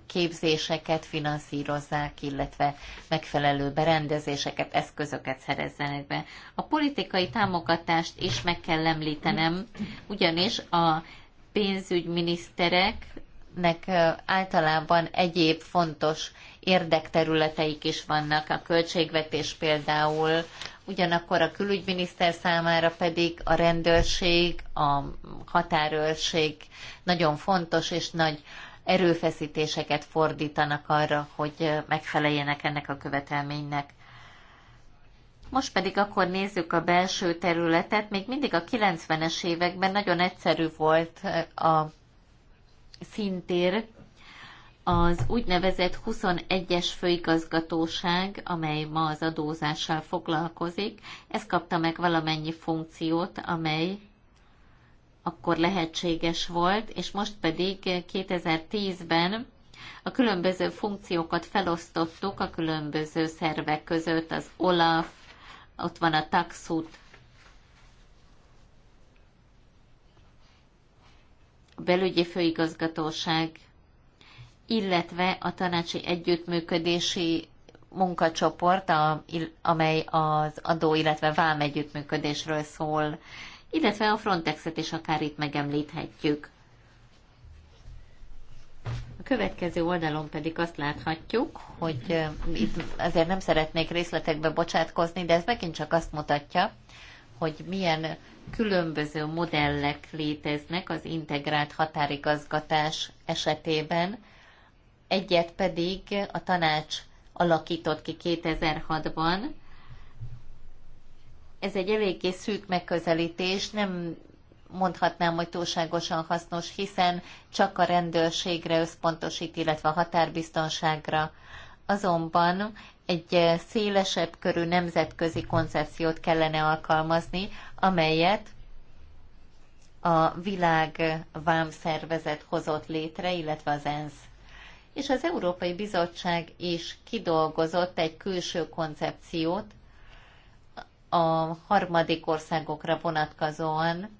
képzéseket finanszírozzák, illetve megfelelő berendezéseket, eszközöket szerezzenek be. A politikai támogatást is meg kell említenem, ugyanis a pénzügyminiszterek nek általában egyéb fontos érdekterületeik is vannak, a költségvetés például, ugyanakkor a külügyminiszter számára pedig a rendőrség, a határőrség nagyon fontos és nagy erőfeszítéseket fordítanak arra, hogy megfeleljenek ennek a követelménynek. Most pedig akkor nézzük a belső területet. Még mindig a 90-es években nagyon egyszerű volt a szintér az úgynevezett 21-es főigazgatóság, amely ma az adózással foglalkozik, ez kapta meg valamennyi funkciót, amely akkor lehetséges volt, és most pedig 2010-ben a különböző funkciókat felosztottuk a különböző szervek között, az OLAF, ott van a taxut, a belügyi főigazgatóság, illetve a tanácsi együttműködési munkacsoport, a, amely az adó, illetve vám együttműködésről szól, illetve a Frontexet is akár itt megemlíthetjük. A következő oldalon pedig azt láthatjuk, hogy itt azért nem szeretnék részletekbe bocsátkozni, de ez megint csak azt mutatja, hogy milyen különböző modellek léteznek az integrált határigazgatás esetében, egyet pedig a tanács alakított ki 2006-ban. Ez egy eléggé szűk megközelítés, nem mondhatnám, hogy túlságosan hasznos, hiszen csak a rendőrségre összpontosít, illetve a határbiztonságra, azonban egy eh, szélesebb körű nemzetközi koncepciót kellene alkalmazni, amelyet a világ vámszervezet hozott létre, illetve az ENSZ. És az Európai Bizottság is kidolgozott egy külső koncepciót a harmadik országokra vonatkozóan,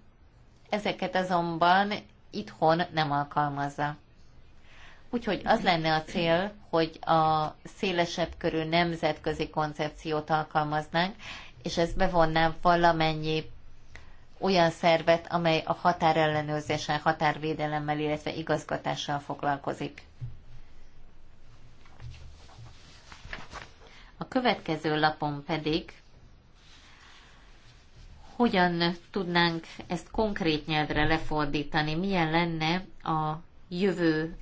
ezeket azonban itthon nem alkalmazza. Úgyhogy az lenne a cél, hogy a szélesebb körű nemzetközi koncepciót alkalmaznánk, és ez bevonná valamennyi olyan szervet, amely a határellenőrzéssel, határvédelemmel, illetve igazgatással foglalkozik. A következő lapon pedig hogyan tudnánk ezt konkrét nyelvre lefordítani, milyen lenne a jövő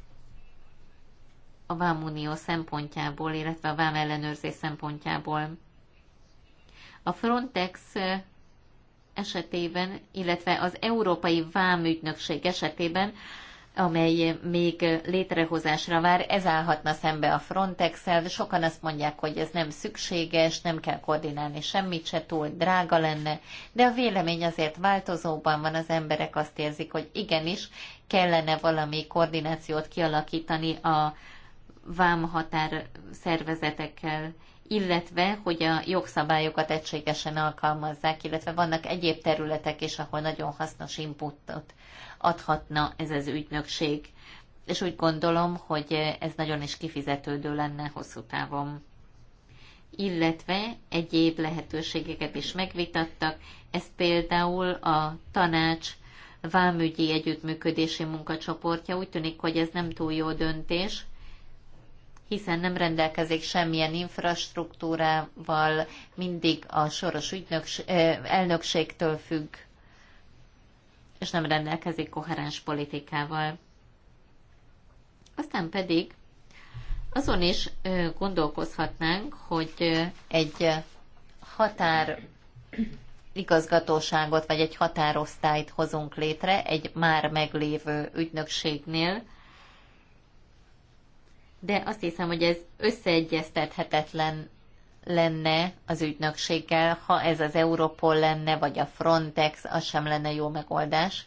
a vámunió szempontjából, illetve a vámellenőrzés szempontjából. A Frontex esetében, illetve az Európai Vámügynökség esetében, amely még létrehozásra vár, ez állhatna szembe a frontex -el. Sokan azt mondják, hogy ez nem szükséges, nem kell koordinálni semmit se, túl drága lenne, de a vélemény azért változóban van, az emberek azt érzik, hogy igenis kellene valami koordinációt kialakítani a vámhatár szervezetekkel, illetve hogy a jogszabályokat egységesen alkalmazzák, illetve vannak egyéb területek is, ahol nagyon hasznos inputot adhatna ez az ügynökség. És úgy gondolom, hogy ez nagyon is kifizetődő lenne hosszú távon illetve egyéb lehetőségeket is megvitattak, ez például a tanács vámügyi együttműködési munkacsoportja. Úgy tűnik, hogy ez nem túl jó döntés, hiszen nem rendelkezik semmilyen infrastruktúrával, mindig a soros ügynökség elnökségtől függ, és nem rendelkezik koherens politikával. Aztán pedig azon is gondolkozhatnánk, hogy egy határ igazgatóságot, vagy egy határosztályt hozunk létre egy már meglévő ügynökségnél, de azt hiszem, hogy ez összeegyeztethetetlen lenne az ügynökséggel, ha ez az Europol lenne, vagy a Frontex, az sem lenne jó megoldás.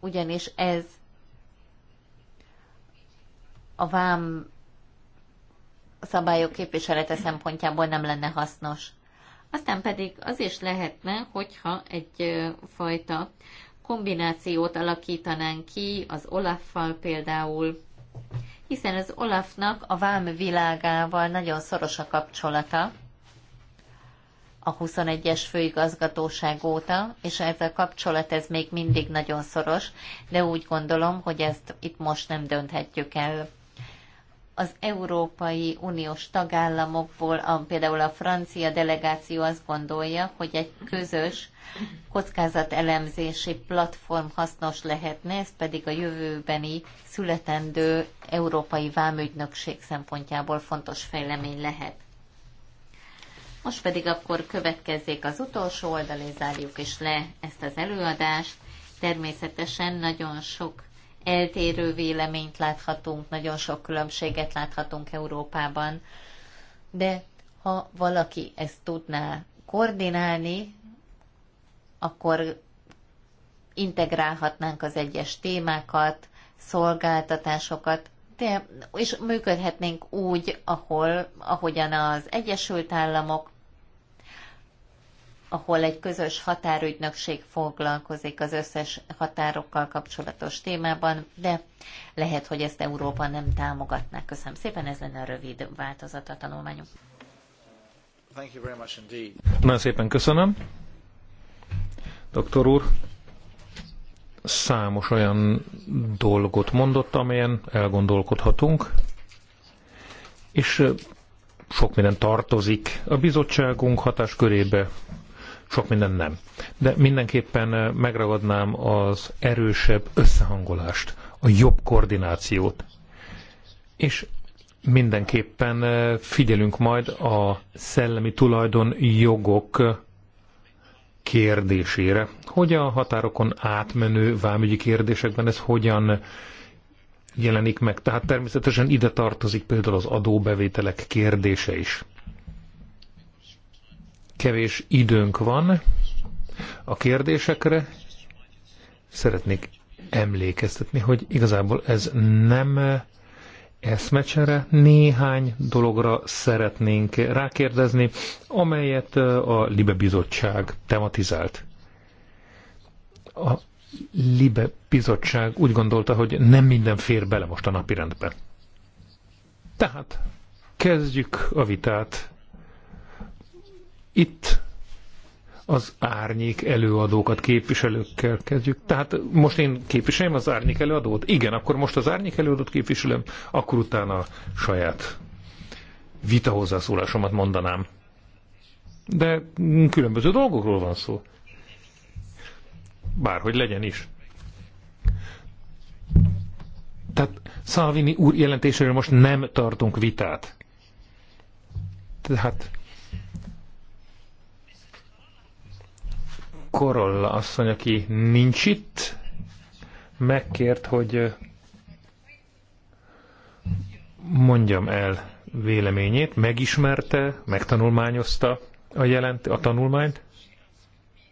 Ugyanis ez a vám szabályok képviselete szempontjából nem lenne hasznos. Aztán pedig az is lehetne, hogyha egyfajta kombinációt alakítanánk ki az Olaffal például, hiszen az Olafnak a vám világával nagyon szoros a kapcsolata a 21-es főigazgatóság óta, és ez a kapcsolat ez még mindig nagyon szoros, de úgy gondolom, hogy ezt itt most nem dönthetjük el az Európai Uniós tagállamokból, a, például a francia delegáció azt gondolja, hogy egy közös kockázatelemzési platform hasznos lehetne, ez pedig a jövőbeni születendő Európai Vámügynökség szempontjából fontos fejlemény lehet. Most pedig akkor következzék az utolsó oldal, és zárjuk is le ezt az előadást. Természetesen nagyon sok eltérő véleményt láthatunk, nagyon sok különbséget láthatunk Európában, de ha valaki ezt tudná koordinálni, akkor integrálhatnánk az egyes témákat, szolgáltatásokat, de, és működhetnénk úgy, ahol, ahogyan az Egyesült Államok, ahol egy közös határügynökség foglalkozik az összes határokkal kapcsolatos témában, de lehet, hogy ezt Európa nem támogatná. Köszönöm szépen, ez lenne a rövid változat a tanulmányunk. Nagyon szépen köszönöm. Doktor úr, számos olyan dolgot mondott, amelyen elgondolkodhatunk, és sok minden tartozik a bizottságunk hatáskörébe, sok minden nem. De mindenképpen eh, megragadnám az erősebb összehangolást, a jobb koordinációt. És mindenképpen eh, figyelünk majd a szellemi tulajdon jogok kérdésére, hogy a határokon átmenő vámügyi kérdésekben ez hogyan jelenik meg. Tehát természetesen ide tartozik például az adóbevételek kérdése is kevés időnk van a kérdésekre. Szeretnék emlékeztetni, hogy igazából ez nem eszmecsere, néhány dologra szeretnénk rákérdezni, amelyet a Libe Bizottság tematizált. A Libe Bizottság úgy gondolta, hogy nem minden fér bele most a napirendbe. Tehát kezdjük a vitát itt az árnyék előadókat, képviselőkkel kezdjük. Tehát most én képviselem az árnyék előadót? Igen, akkor most az árnyék előadót képviselem, akkor utána a saját vita hozzászólásomat mondanám. De különböző dolgokról van szó. Bárhogy legyen is. Tehát Szalvini úr jelentéséről most nem tartunk vitát. Tehát Korolla asszony, aki nincs itt, megkért, hogy mondjam el véleményét, megismerte, megtanulmányozta a, jelent, a tanulmányt,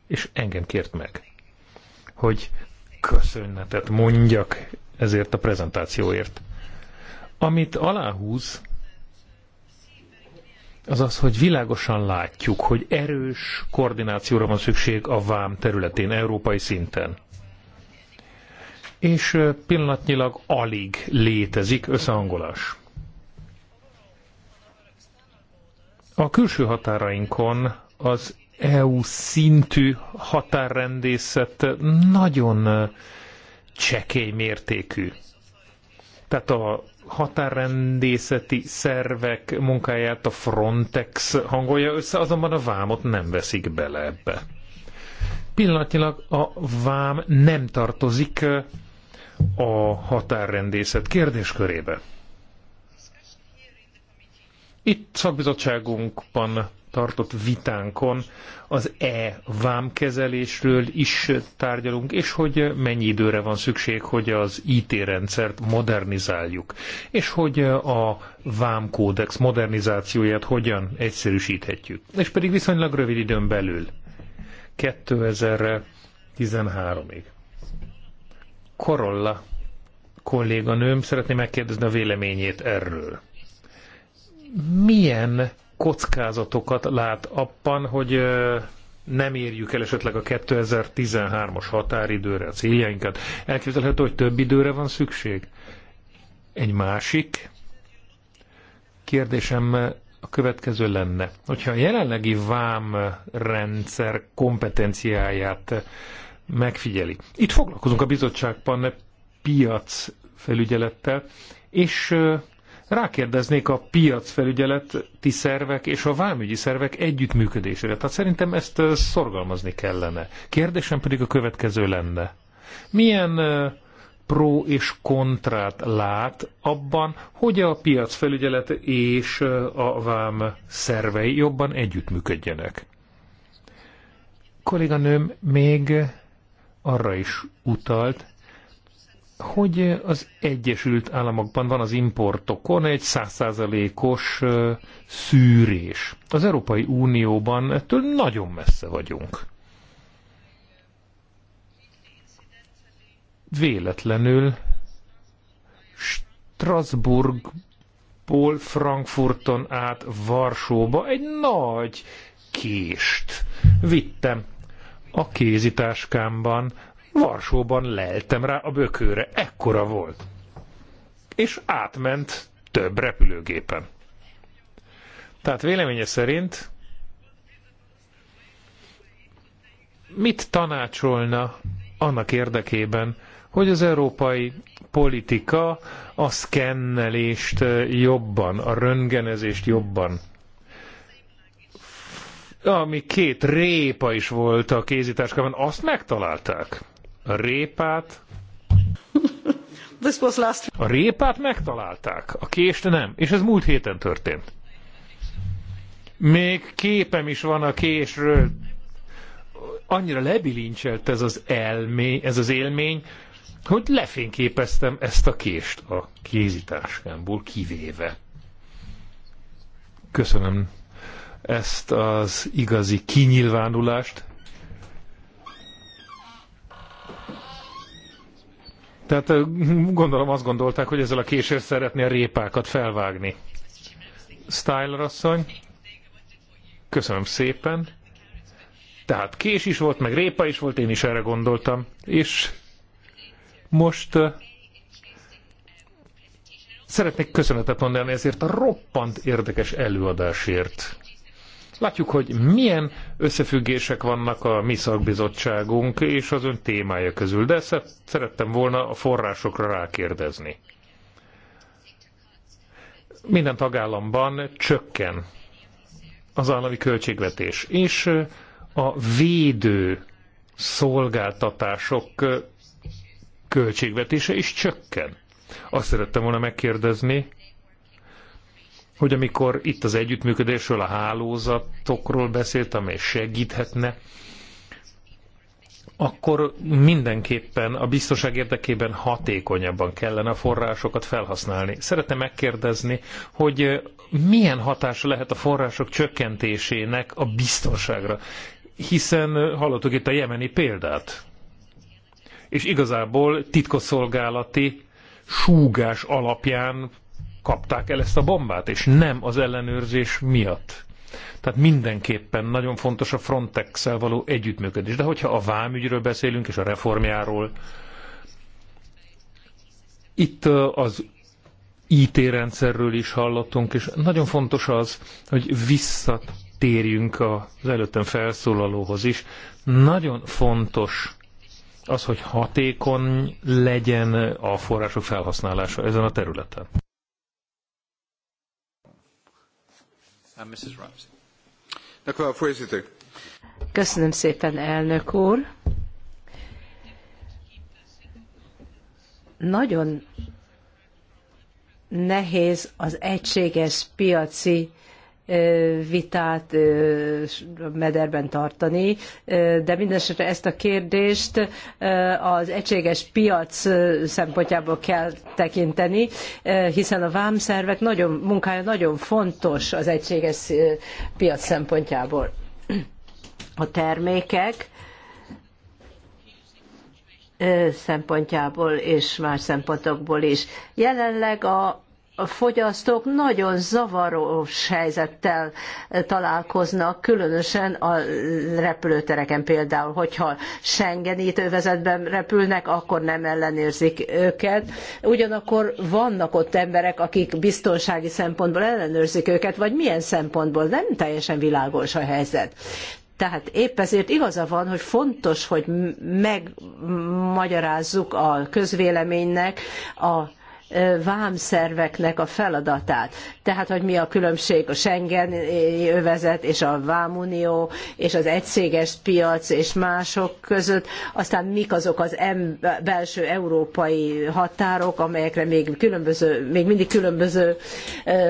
és engem kért meg, hogy köszönetet mondjak ezért a prezentációért. Amit aláhúz, az az, hogy világosan látjuk, hogy erős koordinációra van szükség a vám területén, európai szinten. És pillanatnyilag alig létezik összehangolás. A külső határainkon az EU szintű határrendészet nagyon csekély mértékű tehát a határrendészeti szervek munkáját a Frontex hangolja össze, azonban a vámot nem veszik bele ebbe. Pillanatnyilag a vám nem tartozik a határrendészet kérdéskörébe. Itt szakbizottságunkban tartott vitánkon az e vámkezelésről is tárgyalunk, és hogy mennyi időre van szükség, hogy az IT-rendszert modernizáljuk, és hogy a vámkódex modernizációját hogyan egyszerűsíthetjük. És pedig viszonylag rövid időn belül, 2013-ig. Korolla kolléganőm szeretné megkérdezni a véleményét erről milyen kockázatokat lát abban, hogy nem érjük el esetleg a 2013-as határidőre a céljainkat. Elképzelhető, hogy több időre van szükség? Egy másik kérdésem a következő lenne. Hogyha a jelenlegi vám rendszer kompetenciáját megfigyeli. Itt foglalkozunk a bizottságban piac felügyelettel, és rákérdeznék a piacfelügyeleti szervek és a vámügyi szervek együttműködésére. Tehát szerintem ezt szorgalmazni kellene. Kérdésem pedig a következő lenne. Milyen pro és kontrát lát abban, hogy a piacfelügyelet és a vám szervei jobban együttműködjenek? Kolléganőm még arra is utalt, hogy az Egyesült Államokban van az importokon egy százszázalékos szűrés. Az Európai Unióban ettől nagyon messze vagyunk. Véletlenül Strasbourgból Frankfurton át Varsóba egy nagy kést vittem a kézitáskámban Varsóban leltem rá a bökőre, ekkora volt. És átment több repülőgépen. Tehát véleménye szerint mit tanácsolna annak érdekében, hogy az európai politika a szkennelést jobban, a röntgenezést jobban ami két répa is volt a kézításkában, azt megtalálták. A répát... A répát megtalálták, a kést nem, és ez múlt héten történt. Még képem is van a késről. Annyira lebilincselt ez az elmé, ez az élmény, hogy lefényképeztem ezt a kést a kézitáskámból kivéve. Köszönöm ezt az igazi kinyilvánulást. Tehát gondolom azt gondolták, hogy ezzel a késér szeretné a répákat felvágni. Styler asszony, köszönöm szépen. Tehát kés is volt, meg répa is volt, én is erre gondoltam. És most szeretnék köszönetet mondani ezért a roppant érdekes előadásért. Látjuk, hogy milyen összefüggések vannak a mi szakbizottságunk és az ön témája közül, de szerettem volna a forrásokra rákérdezni. Minden tagállamban csökken az állami költségvetés, és a védő szolgáltatások költségvetése is csökken. Azt szerettem volna megkérdezni, hogy amikor itt az együttműködésről, a hálózatokról beszélt, amely segíthetne, akkor mindenképpen a biztonság érdekében hatékonyabban kellene a forrásokat felhasználni. Szeretném megkérdezni, hogy milyen hatása lehet a források csökkentésének a biztonságra? Hiszen hallottuk itt a jemeni példát. És igazából titkosszolgálati súgás alapján kapták el ezt a bombát, és nem az ellenőrzés miatt. Tehát mindenképpen nagyon fontos a frontex való együttműködés. De hogyha a vámügyről beszélünk, és a reformjáról, itt az IT-rendszerről is hallottunk, és nagyon fontos az, hogy visszatérjünk az előttem felszólalóhoz is. Nagyon fontos az, hogy hatékony legyen a források felhasználása ezen a területen. Uh, Köszönöm szépen, elnök úr. Nagyon nehéz az egységes piaci vitát mederben tartani, de mindesetre ezt a kérdést az egységes piac szempontjából kell tekinteni, hiszen a vámszervek nagyon, munkája nagyon fontos az egységes piac szempontjából. A termékek szempontjából és más szempontokból is. Jelenleg a a fogyasztók nagyon zavaros helyzettel találkoznak, különösen a repülőtereken például, hogyha Schengeni övezetben repülnek, akkor nem ellenőrzik őket. Ugyanakkor vannak ott emberek, akik biztonsági szempontból ellenőrzik őket, vagy milyen szempontból, nem teljesen világos a helyzet. Tehát épp ezért igaza van, hogy fontos, hogy megmagyarázzuk a közvéleménynek a vámszerveknek a feladatát. Tehát, hogy mi a különbség a Schengen övezet és a vámunió és az egységes piac és mások között, aztán mik azok az belső európai határok, amelyekre még, különböző, még mindig különböző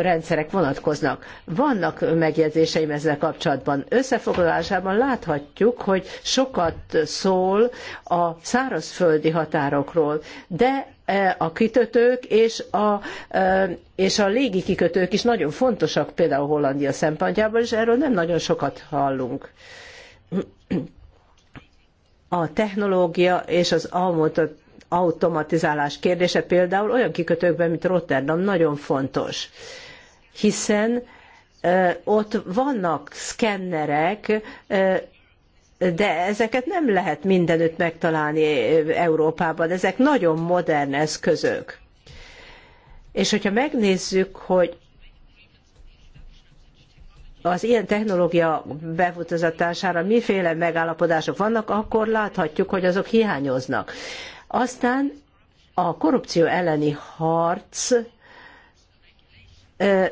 rendszerek vonatkoznak. Vannak megjegyzéseim ezzel kapcsolatban. Összefoglalásában láthatjuk, hogy sokat szól a szárazföldi határokról, de E, a kikötők és a, e, és a légi kikötők is nagyon fontosak, például Hollandia szempontjából, és erről nem nagyon sokat hallunk. A technológia és az automatizálás kérdése például olyan kikötőkben, mint Rotterdam, nagyon fontos, hiszen e, ott vannak szkennerek, de ezeket nem lehet mindenütt megtalálni eh, Európában. Ezek nagyon modern eszközök. És hogyha megnézzük, hogy az ilyen technológia befutazatására miféle megállapodások vannak, akkor láthatjuk, hogy azok hiányoznak. Aztán a korrupció elleni harc eh,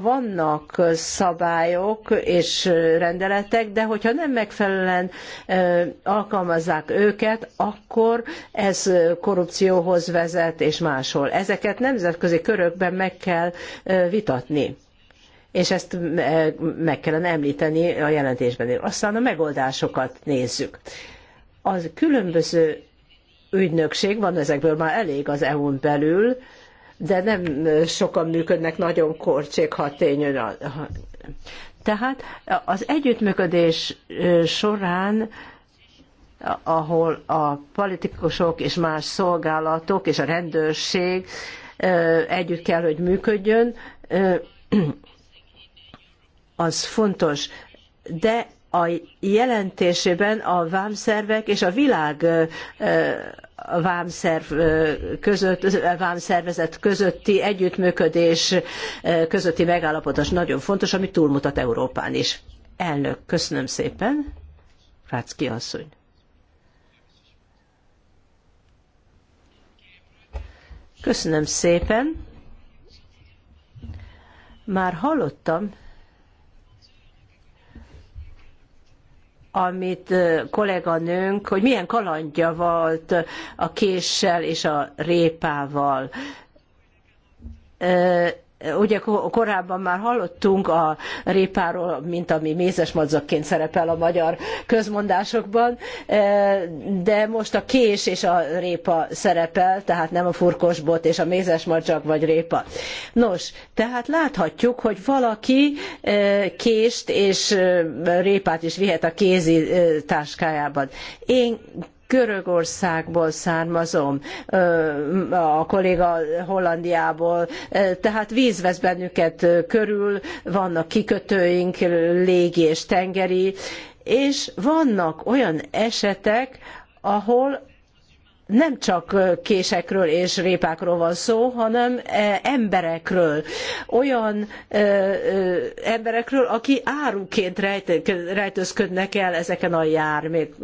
vannak szabályok és rendeletek, de hogyha nem megfelelően alkalmazzák őket, akkor ez korrupcióhoz vezet és máshol. Ezeket nemzetközi körökben meg kell vitatni. És ezt meg kellene említeni a jelentésben. Aztán a megoldásokat nézzük. Az különböző ügynökség, van ezekből már elég az EU-n belül, de nem sokan működnek nagyon korcsékhatényön. Tehát az együttműködés során ahol a politikusok és más szolgálatok és a rendőrség együtt kell, hogy működjön, az fontos. De a jelentésében a vámszervek és a világ vámszerv között, vámszervezet közötti együttműködés közötti megállapodás nagyon fontos, ami túlmutat Európán is. Elnök, köszönöm szépen. Rácki asszony. Köszönöm szépen. Már hallottam amit kolléganőnk, hogy milyen kalandja volt a késsel és a répával Ugye korábban már hallottunk a répáról, mint ami mézes madzakként szerepel a magyar közmondásokban, e, de most a kés és a répa szerepel, tehát nem a furkosbot és a mézes vagy répa. Nos, tehát láthatjuk, hogy valaki e, kést és e, répát is vihet a kézi táskájában. Én Görögországból származom, a kolléga Hollandiából, tehát víz vesz bennünket körül, vannak kikötőink, légi és tengeri, és vannak olyan esetek, ahol nem csak késekről és répákról van szó, hanem e, emberekről. Olyan emberekről, akik áruként rejtőzködnek el ezeken a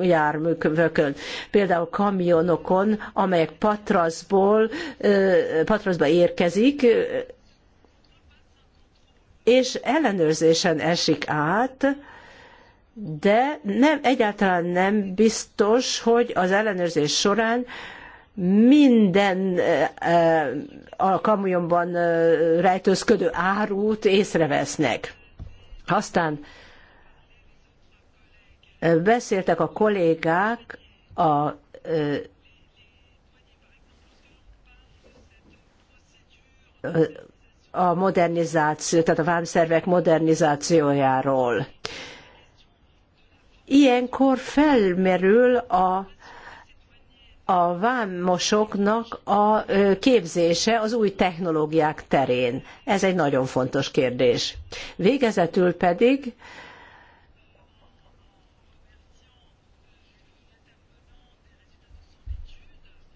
járműkön, például kamionokon, amelyek Patraszból, Patraszba érkezik, és ellenőrzésen esik át, de nem, egyáltalán nem biztos, hogy az ellenőrzés során minden eh, eh, a kamionban eh, rejtőzködő árut észrevesznek. Aztán beszéltek a kollégák a a modernizáció, tehát a vámszervek modernizációjáról. Ilyenkor felmerül a a vámosoknak a képzése az új technológiák terén. Ez egy nagyon fontos kérdés. Végezetül pedig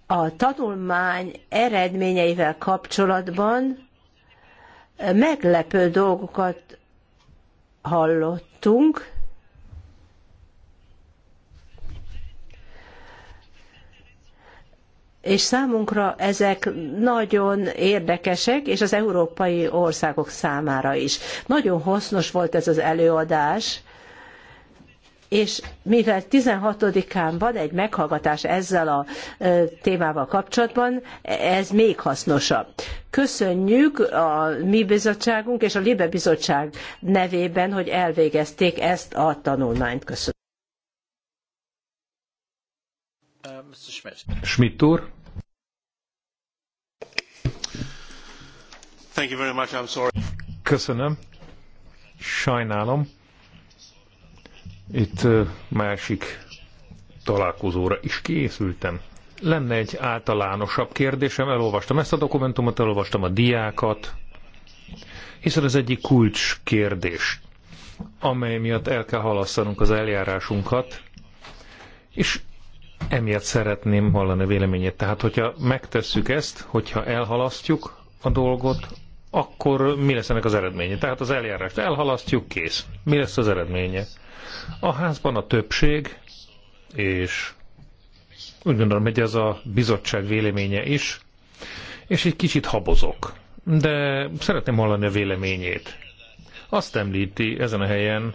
a tanulmány eredményeivel kapcsolatban meglepő dolgokat hallottunk, és számunkra ezek nagyon érdekesek, és az európai országok számára is. Nagyon hasznos volt ez az előadás, és mivel 16-án van egy meghallgatás ezzel a témával kapcsolatban, ez még hasznosabb. Köszönjük a mi bizottságunk és a Libe bizottság nevében, hogy elvégezték ezt a tanulmányt. Köszönöm. Mr. Schmidt. Schmidt úr. Thank you very much. I'm sorry. Köszönöm. Sajnálom. Itt másik találkozóra is készültem. Lenne egy általánosabb kérdésem, elolvastam ezt a dokumentumot, elolvastam a diákat, hiszen ez egyik kulcs kérdés, amely miatt el kell halasztanunk az eljárásunkat, és Emiatt szeretném hallani a véleményét. Tehát, hogyha megtesszük ezt, hogyha elhalasztjuk a dolgot, akkor mi lesz ennek az eredménye? Tehát az eljárást elhalasztjuk, kész. Mi lesz az eredménye? A házban a többség, és úgy gondolom, hogy ez a bizottság véleménye is, és egy kicsit habozok, de szeretném hallani a véleményét. Azt említi ezen a helyen,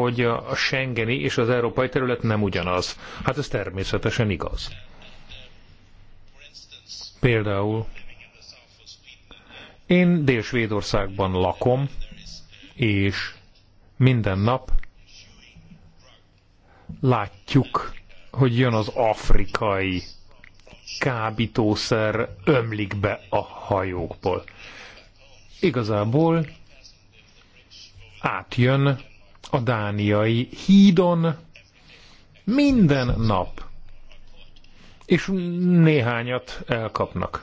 hogy a Schengeni és az európai terület nem ugyanaz. Hát ez természetesen igaz. Például én Dél-Svédországban lakom, és minden nap látjuk, hogy jön az afrikai kábítószer, ömlik be a hajókból. Igazából átjön a dániai hídon minden nap. És néhányat elkapnak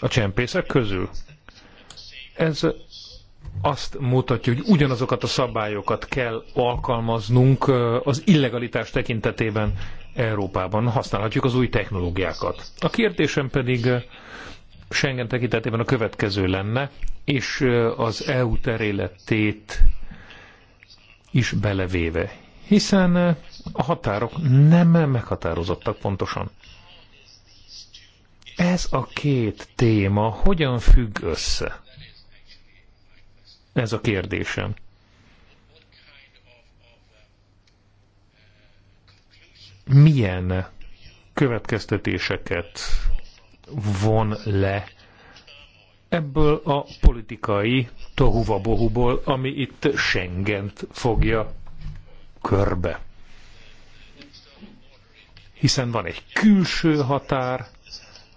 a csempészek közül. Ez azt mutatja, hogy ugyanazokat a szabályokat kell alkalmaznunk az illegalitás tekintetében Európában. Használhatjuk az új technológiákat. A kérdésem pedig Schengen tekintetében a következő lenne, és az EU területét is belevéve, hiszen eh, a határok nem meghatározottak pontosan. Ez a két téma hogyan függ össze? Ez a kérdésem. Milyen következtetéseket von le ebből a politikai tohuvabohuból, ami itt Schengent fogja körbe. Hiszen van egy külső határ,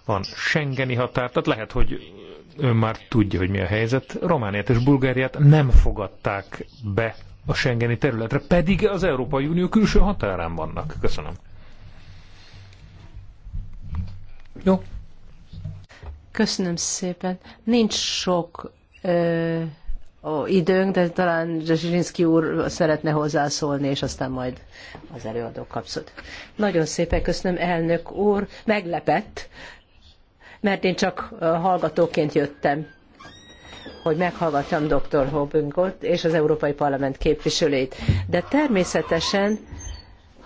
van Schengeni határ, tehát lehet, hogy ő már tudja, hogy mi a helyzet. Romániát és Bulgáriát nem fogadták be a Schengeni területre, pedig az Európai Unió külső határán vannak. Köszönöm. Jó, Köszönöm szépen. Nincs sok ö, ó, időnk, de talán Zsirinszki úr szeretne hozzászólni, és aztán majd az előadó kapszod. Nagyon szépen köszönöm, elnök úr. Meglepett, mert én csak hallgatóként jöttem hogy meghallgatjam dr. Hobbingot és az Európai Parlament képviselőit. De természetesen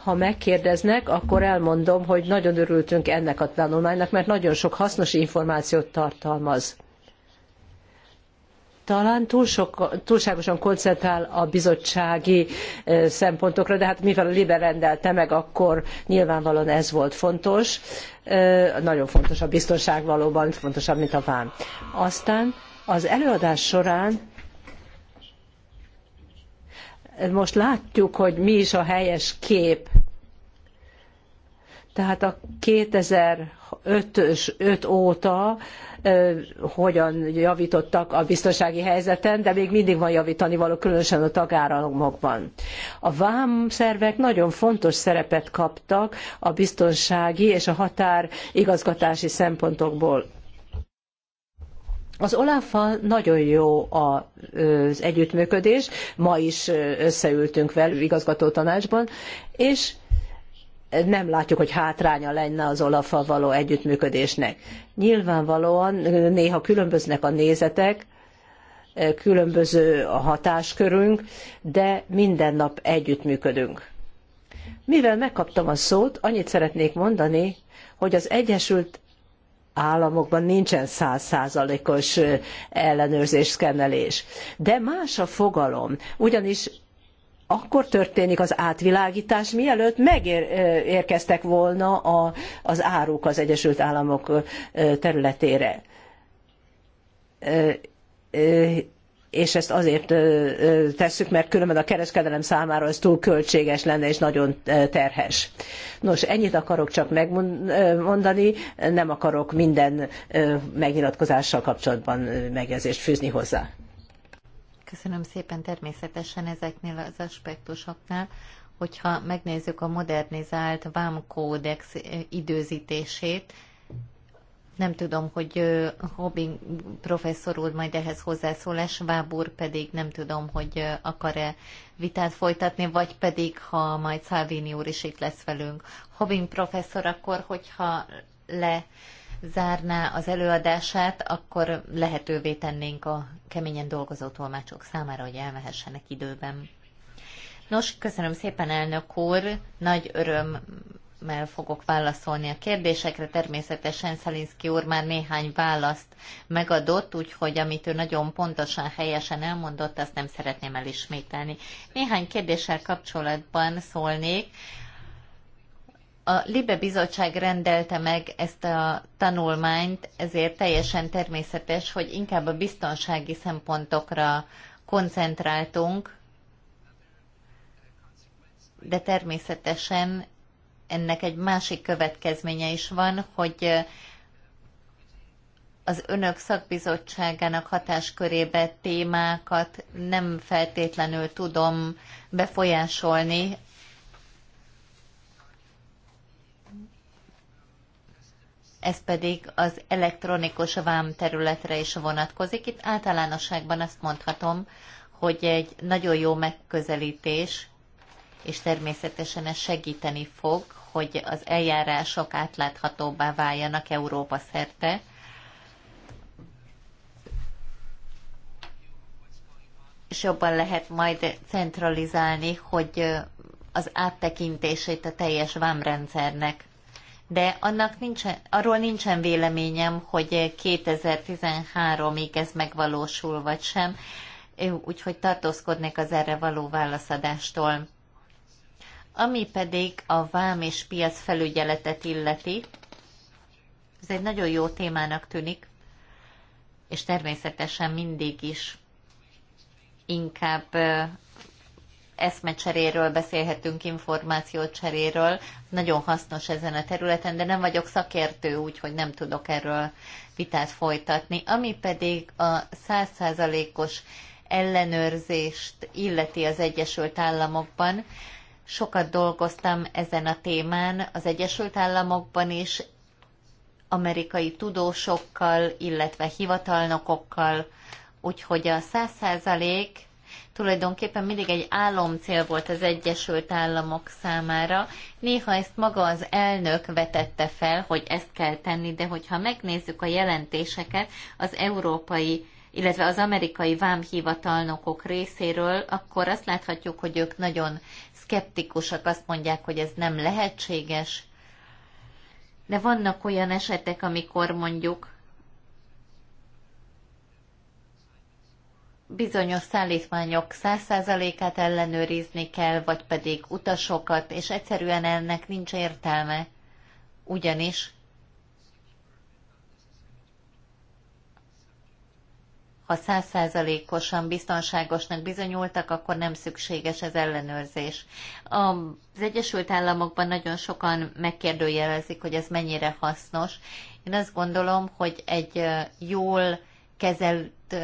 ha megkérdeznek, akkor elmondom, hogy nagyon örültünk ennek a tanulmánynak, mert nagyon sok hasznos információt tartalmaz. Talán túl sok, túlságosan koncentrál a bizottsági szempontokra, de hát mivel a Liber rendelte meg, akkor nyilvánvalóan ez volt fontos. Nagyon fontos a biztonság valóban, fontosabb, mint a vám. Aztán az előadás során most látjuk, hogy mi is a helyes kép. Tehát a 2005-ös 5 óta hogyan javítottak a biztonsági helyzeten, de még mindig van javítani való, különösen a tagállamokban. A vámszervek nagyon fontos szerepet kaptak a biztonsági és a határigazgatási szempontokból. Az olaf nagyon jó az együttműködés, ma is összeültünk velük igazgató tanácsban, és nem látjuk, hogy hátránya lenne az olaf való együttműködésnek. Nyilvánvalóan néha különböznek a nézetek, különböző a hatáskörünk, de minden nap együttműködünk. Mivel megkaptam a szót, annyit szeretnék mondani, hogy az Egyesült államokban nincsen százszázalékos ellenőrzés, szkennelés. De más a fogalom, ugyanis akkor történik az átvilágítás, mielőtt megérkeztek volna a, az áruk az Egyesült Államok területére és ezt azért tesszük, mert különben a kereskedelem számára ez túl költséges lenne, és nagyon terhes. Nos, ennyit akarok csak megmondani, nem akarok minden megnyilatkozással kapcsolatban megjegyzést fűzni hozzá. Köszönöm szépen természetesen ezeknél az aspektusoknál, hogyha megnézzük a modernizált vámkódex időzítését, nem tudom, hogy Hobbin professzor úr majd ehhez hozzászólás, Vábor pedig nem tudom, hogy akar-e vitát folytatni, vagy pedig, ha majd Salvini úr is itt lesz velünk. Hobbin professzor akkor, hogyha le zárná az előadását, akkor lehetővé tennénk a keményen dolgozó tolmácsok számára, hogy elmehessenek időben. Nos, köszönöm szépen, elnök úr, nagy öröm örömmel fogok válaszolni a kérdésekre. Természetesen Szelinszki úr már néhány választ megadott, úgyhogy amit ő nagyon pontosan, helyesen elmondott, azt nem szeretném elismételni. Néhány kérdéssel kapcsolatban szólnék. A Libe Bizottság rendelte meg ezt a tanulmányt, ezért teljesen természetes, hogy inkább a biztonsági szempontokra koncentráltunk, de természetesen ennek egy másik következménye is van, hogy az önök szakbizottságának hatáskörébe témákat nem feltétlenül tudom befolyásolni. Ez pedig az elektronikus vám területre is vonatkozik. Itt általánosságban azt mondhatom, hogy egy nagyon jó megközelítés, és természetesen ez segíteni fog, hogy az eljárások átláthatóbbá váljanak Európa szerte. És jobban lehet majd centralizálni, hogy az áttekintését a teljes vámrendszernek. De annak nincsen, arról nincsen véleményem, hogy 2013-ig ez megvalósul vagy sem, úgyhogy tartózkodnék az erre való válaszadástól. Ami pedig a vám és piac felügyeletet illeti, ez egy nagyon jó témának tűnik, és természetesen mindig is inkább eszmecseréről beszélhetünk, információcseréről. Nagyon hasznos ezen a területen, de nem vagyok szakértő, úgyhogy nem tudok erről vitát folytatni. Ami pedig a százszázalékos ellenőrzést illeti az Egyesült Államokban, Sokat dolgoztam ezen a témán az Egyesült Államokban is, amerikai tudósokkal, illetve hivatalnokokkal, úgyhogy a száz százalék tulajdonképpen mindig egy álomcél volt az Egyesült Államok számára. Néha ezt maga az elnök vetette fel, hogy ezt kell tenni, de hogyha megnézzük a jelentéseket, az európai illetve az amerikai vámhivatalnokok részéről, akkor azt láthatjuk, hogy ők nagyon szkeptikusak, azt mondják, hogy ez nem lehetséges. De vannak olyan esetek, amikor mondjuk bizonyos szállítmányok 100%-át ellenőrizni kell, vagy pedig utasokat, és egyszerűen ennek nincs értelme. Ugyanis Ha százszázalékosan biztonságosnak bizonyultak, akkor nem szükséges az ellenőrzés. Az Egyesült Államokban nagyon sokan megkérdőjelezik, hogy ez mennyire hasznos. Én azt gondolom, hogy egy jól kezelt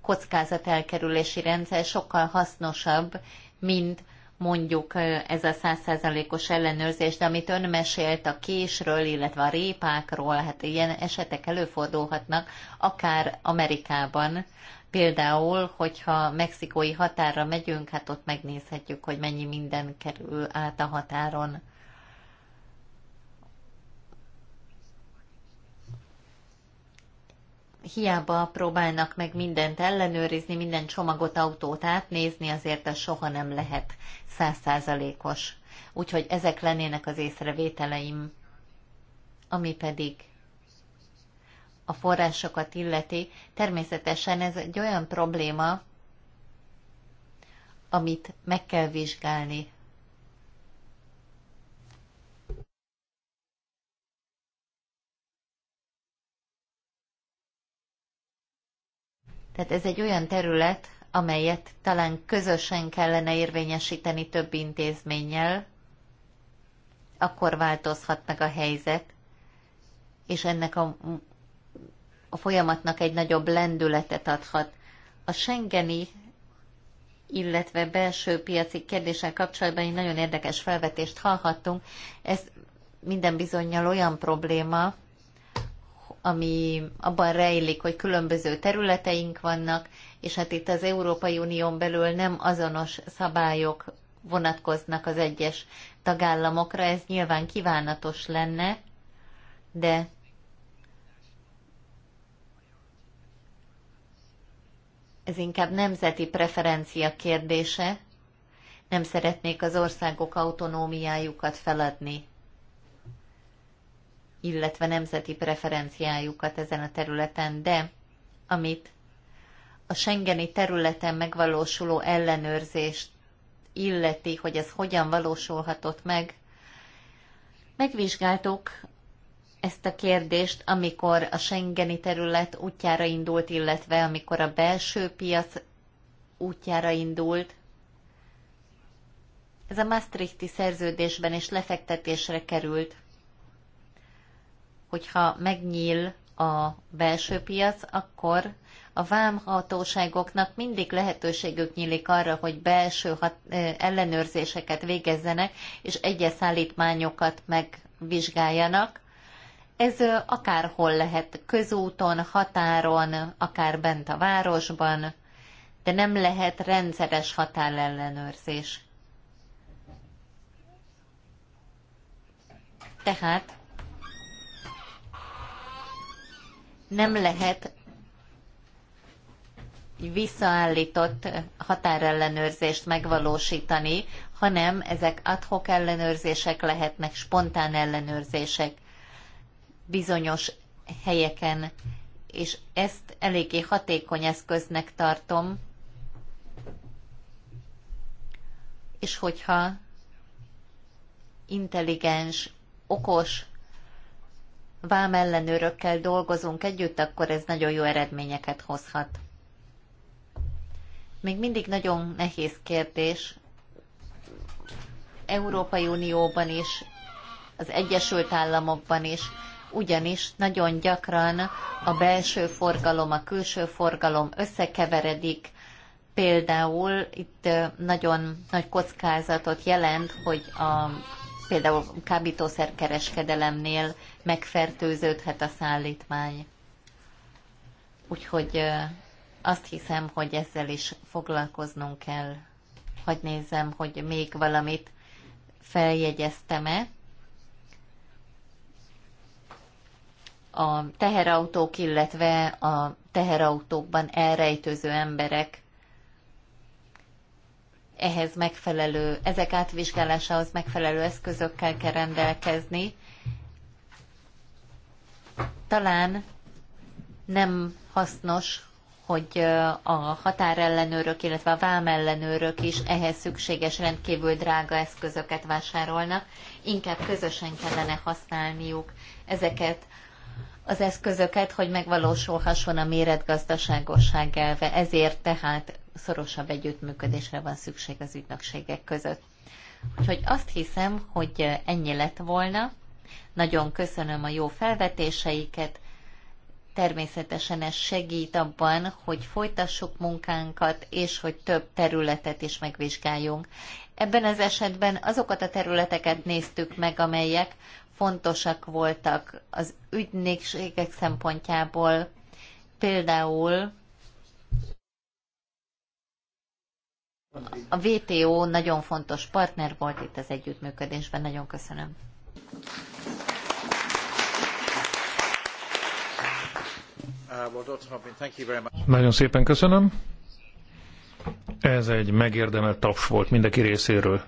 kockázatelkerülési rendszer sokkal hasznosabb, mint mondjuk ez a százszerzalékos ellenőrzés, de amit ön mesélt a késről, illetve a répákról, hát ilyen esetek előfordulhatnak, akár Amerikában. Például, hogyha mexikói határra megyünk, hát ott megnézhetjük, hogy mennyi minden kerül át a határon. hiába próbálnak meg mindent ellenőrizni, minden csomagot, autót átnézni, azért ez soha nem lehet százszázalékos. Úgyhogy ezek lennének az észrevételeim, ami pedig a forrásokat illeti. Természetesen ez egy olyan probléma, amit meg kell vizsgálni. Tehát ez egy olyan terület, amelyet talán közösen kellene érvényesíteni több intézménnyel, akkor változhat meg a helyzet, és ennek a, a folyamatnak egy nagyobb lendületet adhat. A Schengeni, illetve belső piaci kérdéssel kapcsolatban egy nagyon érdekes felvetést hallhattunk. Ez minden bizonyal olyan probléma, ami abban rejlik, hogy különböző területeink vannak, és hát itt az Európai Unión belül nem azonos szabályok vonatkoznak az egyes tagállamokra, ez nyilván kívánatos lenne, de ez inkább nemzeti preferencia kérdése, nem szeretnék az országok autonómiájukat feladni illetve nemzeti preferenciájukat ezen a területen, de amit a Schengeni területen megvalósuló ellenőrzést illeti, hogy ez hogyan valósulhatott meg, megvizsgáltuk ezt a kérdést, amikor a Schengeni terület útjára indult, illetve amikor a belső piac útjára indult. Ez a Maastrichti szerződésben is lefektetésre került hogyha megnyíl a belső piac, akkor a vámhatóságoknak mindig lehetőségük nyílik arra, hogy belső hat, ellenőrzéseket végezzenek, és egyes szállítmányokat megvizsgáljanak. Ez akárhol lehet, közúton, határon, akár bent a városban, de nem lehet rendszeres határellenőrzés. Tehát nem lehet visszaállított határellenőrzést megvalósítani, hanem ezek adhok ellenőrzések lehetnek, spontán ellenőrzések bizonyos helyeken, és ezt eléggé hatékony eszköznek tartom, és hogyha intelligens, okos vám ellenőrökkel dolgozunk együtt, akkor ez nagyon jó eredményeket hozhat. Még mindig nagyon nehéz kérdés. Európai Unióban is, az Egyesült Államokban is, ugyanis nagyon gyakran a belső forgalom, a külső forgalom összekeveredik, például itt nagyon nagy kockázatot jelent, hogy a, például kábítószerkereskedelemnél megfertőződhet a szállítmány. Úgyhogy azt hiszem, hogy ezzel is foglalkoznunk kell. Hogy nézzem, hogy még valamit feljegyeztem-e. A teherautók, illetve a teherautókban elrejtőző emberek ehhez megfelelő, ezek átvizsgálásához megfelelő eszközökkel kell rendelkezni, talán nem hasznos, hogy a határellenőrök, illetve a vámellenőrök is ehhez szükséges rendkívül drága eszközöket vásárolnak, inkább közösen kellene használniuk ezeket az eszközöket, hogy megvalósulhasson a méretgazdaságosság elve. Ezért tehát szorosabb együttműködésre van szükség az ügynökségek között. Úgyhogy azt hiszem, hogy ennyi lett volna. Nagyon köszönöm a jó felvetéseiket. Természetesen ez segít abban, hogy folytassuk munkánkat, és hogy több területet is megvizsgáljunk. Ebben az esetben azokat a területeket néztük meg, amelyek fontosak voltak az ügynökségek szempontjából, például a VTO nagyon fontos partner volt itt az együttműködésben. Nagyon köszönöm. Nagyon szépen köszönöm. Ez egy megérdemelt taps volt mindenki részéről.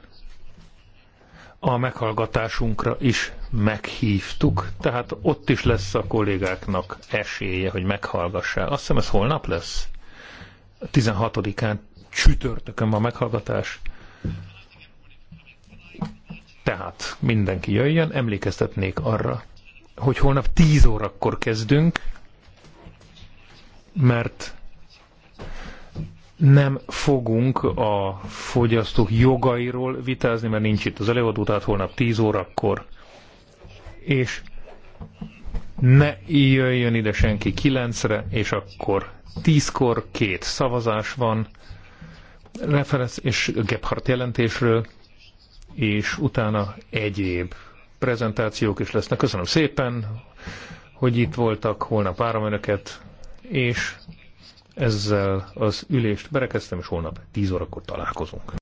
A meghallgatásunkra is meghívtuk, tehát ott is lesz a kollégáknak esélye, hogy meghallgassák. Azt hiszem ez holnap lesz. 16-án csütörtökön van meghallgatás. Tehát mindenki jöjjön, emlékeztetnék arra, hogy holnap 10 órakor kezdünk, mert nem fogunk a fogyasztók jogairól vitázni, mert nincs itt az előadó, tehát holnap 10 órakor. És ne jöjjön ide senki 9-re, és akkor 10-kor két szavazás van, referenc és Gebhardt jelentésről, és utána egyéb prezentációk is lesznek. Köszönöm szépen, hogy itt voltak, holnap várom önöket és ezzel az ülést berekeztem, és holnap 10 órakor találkozunk.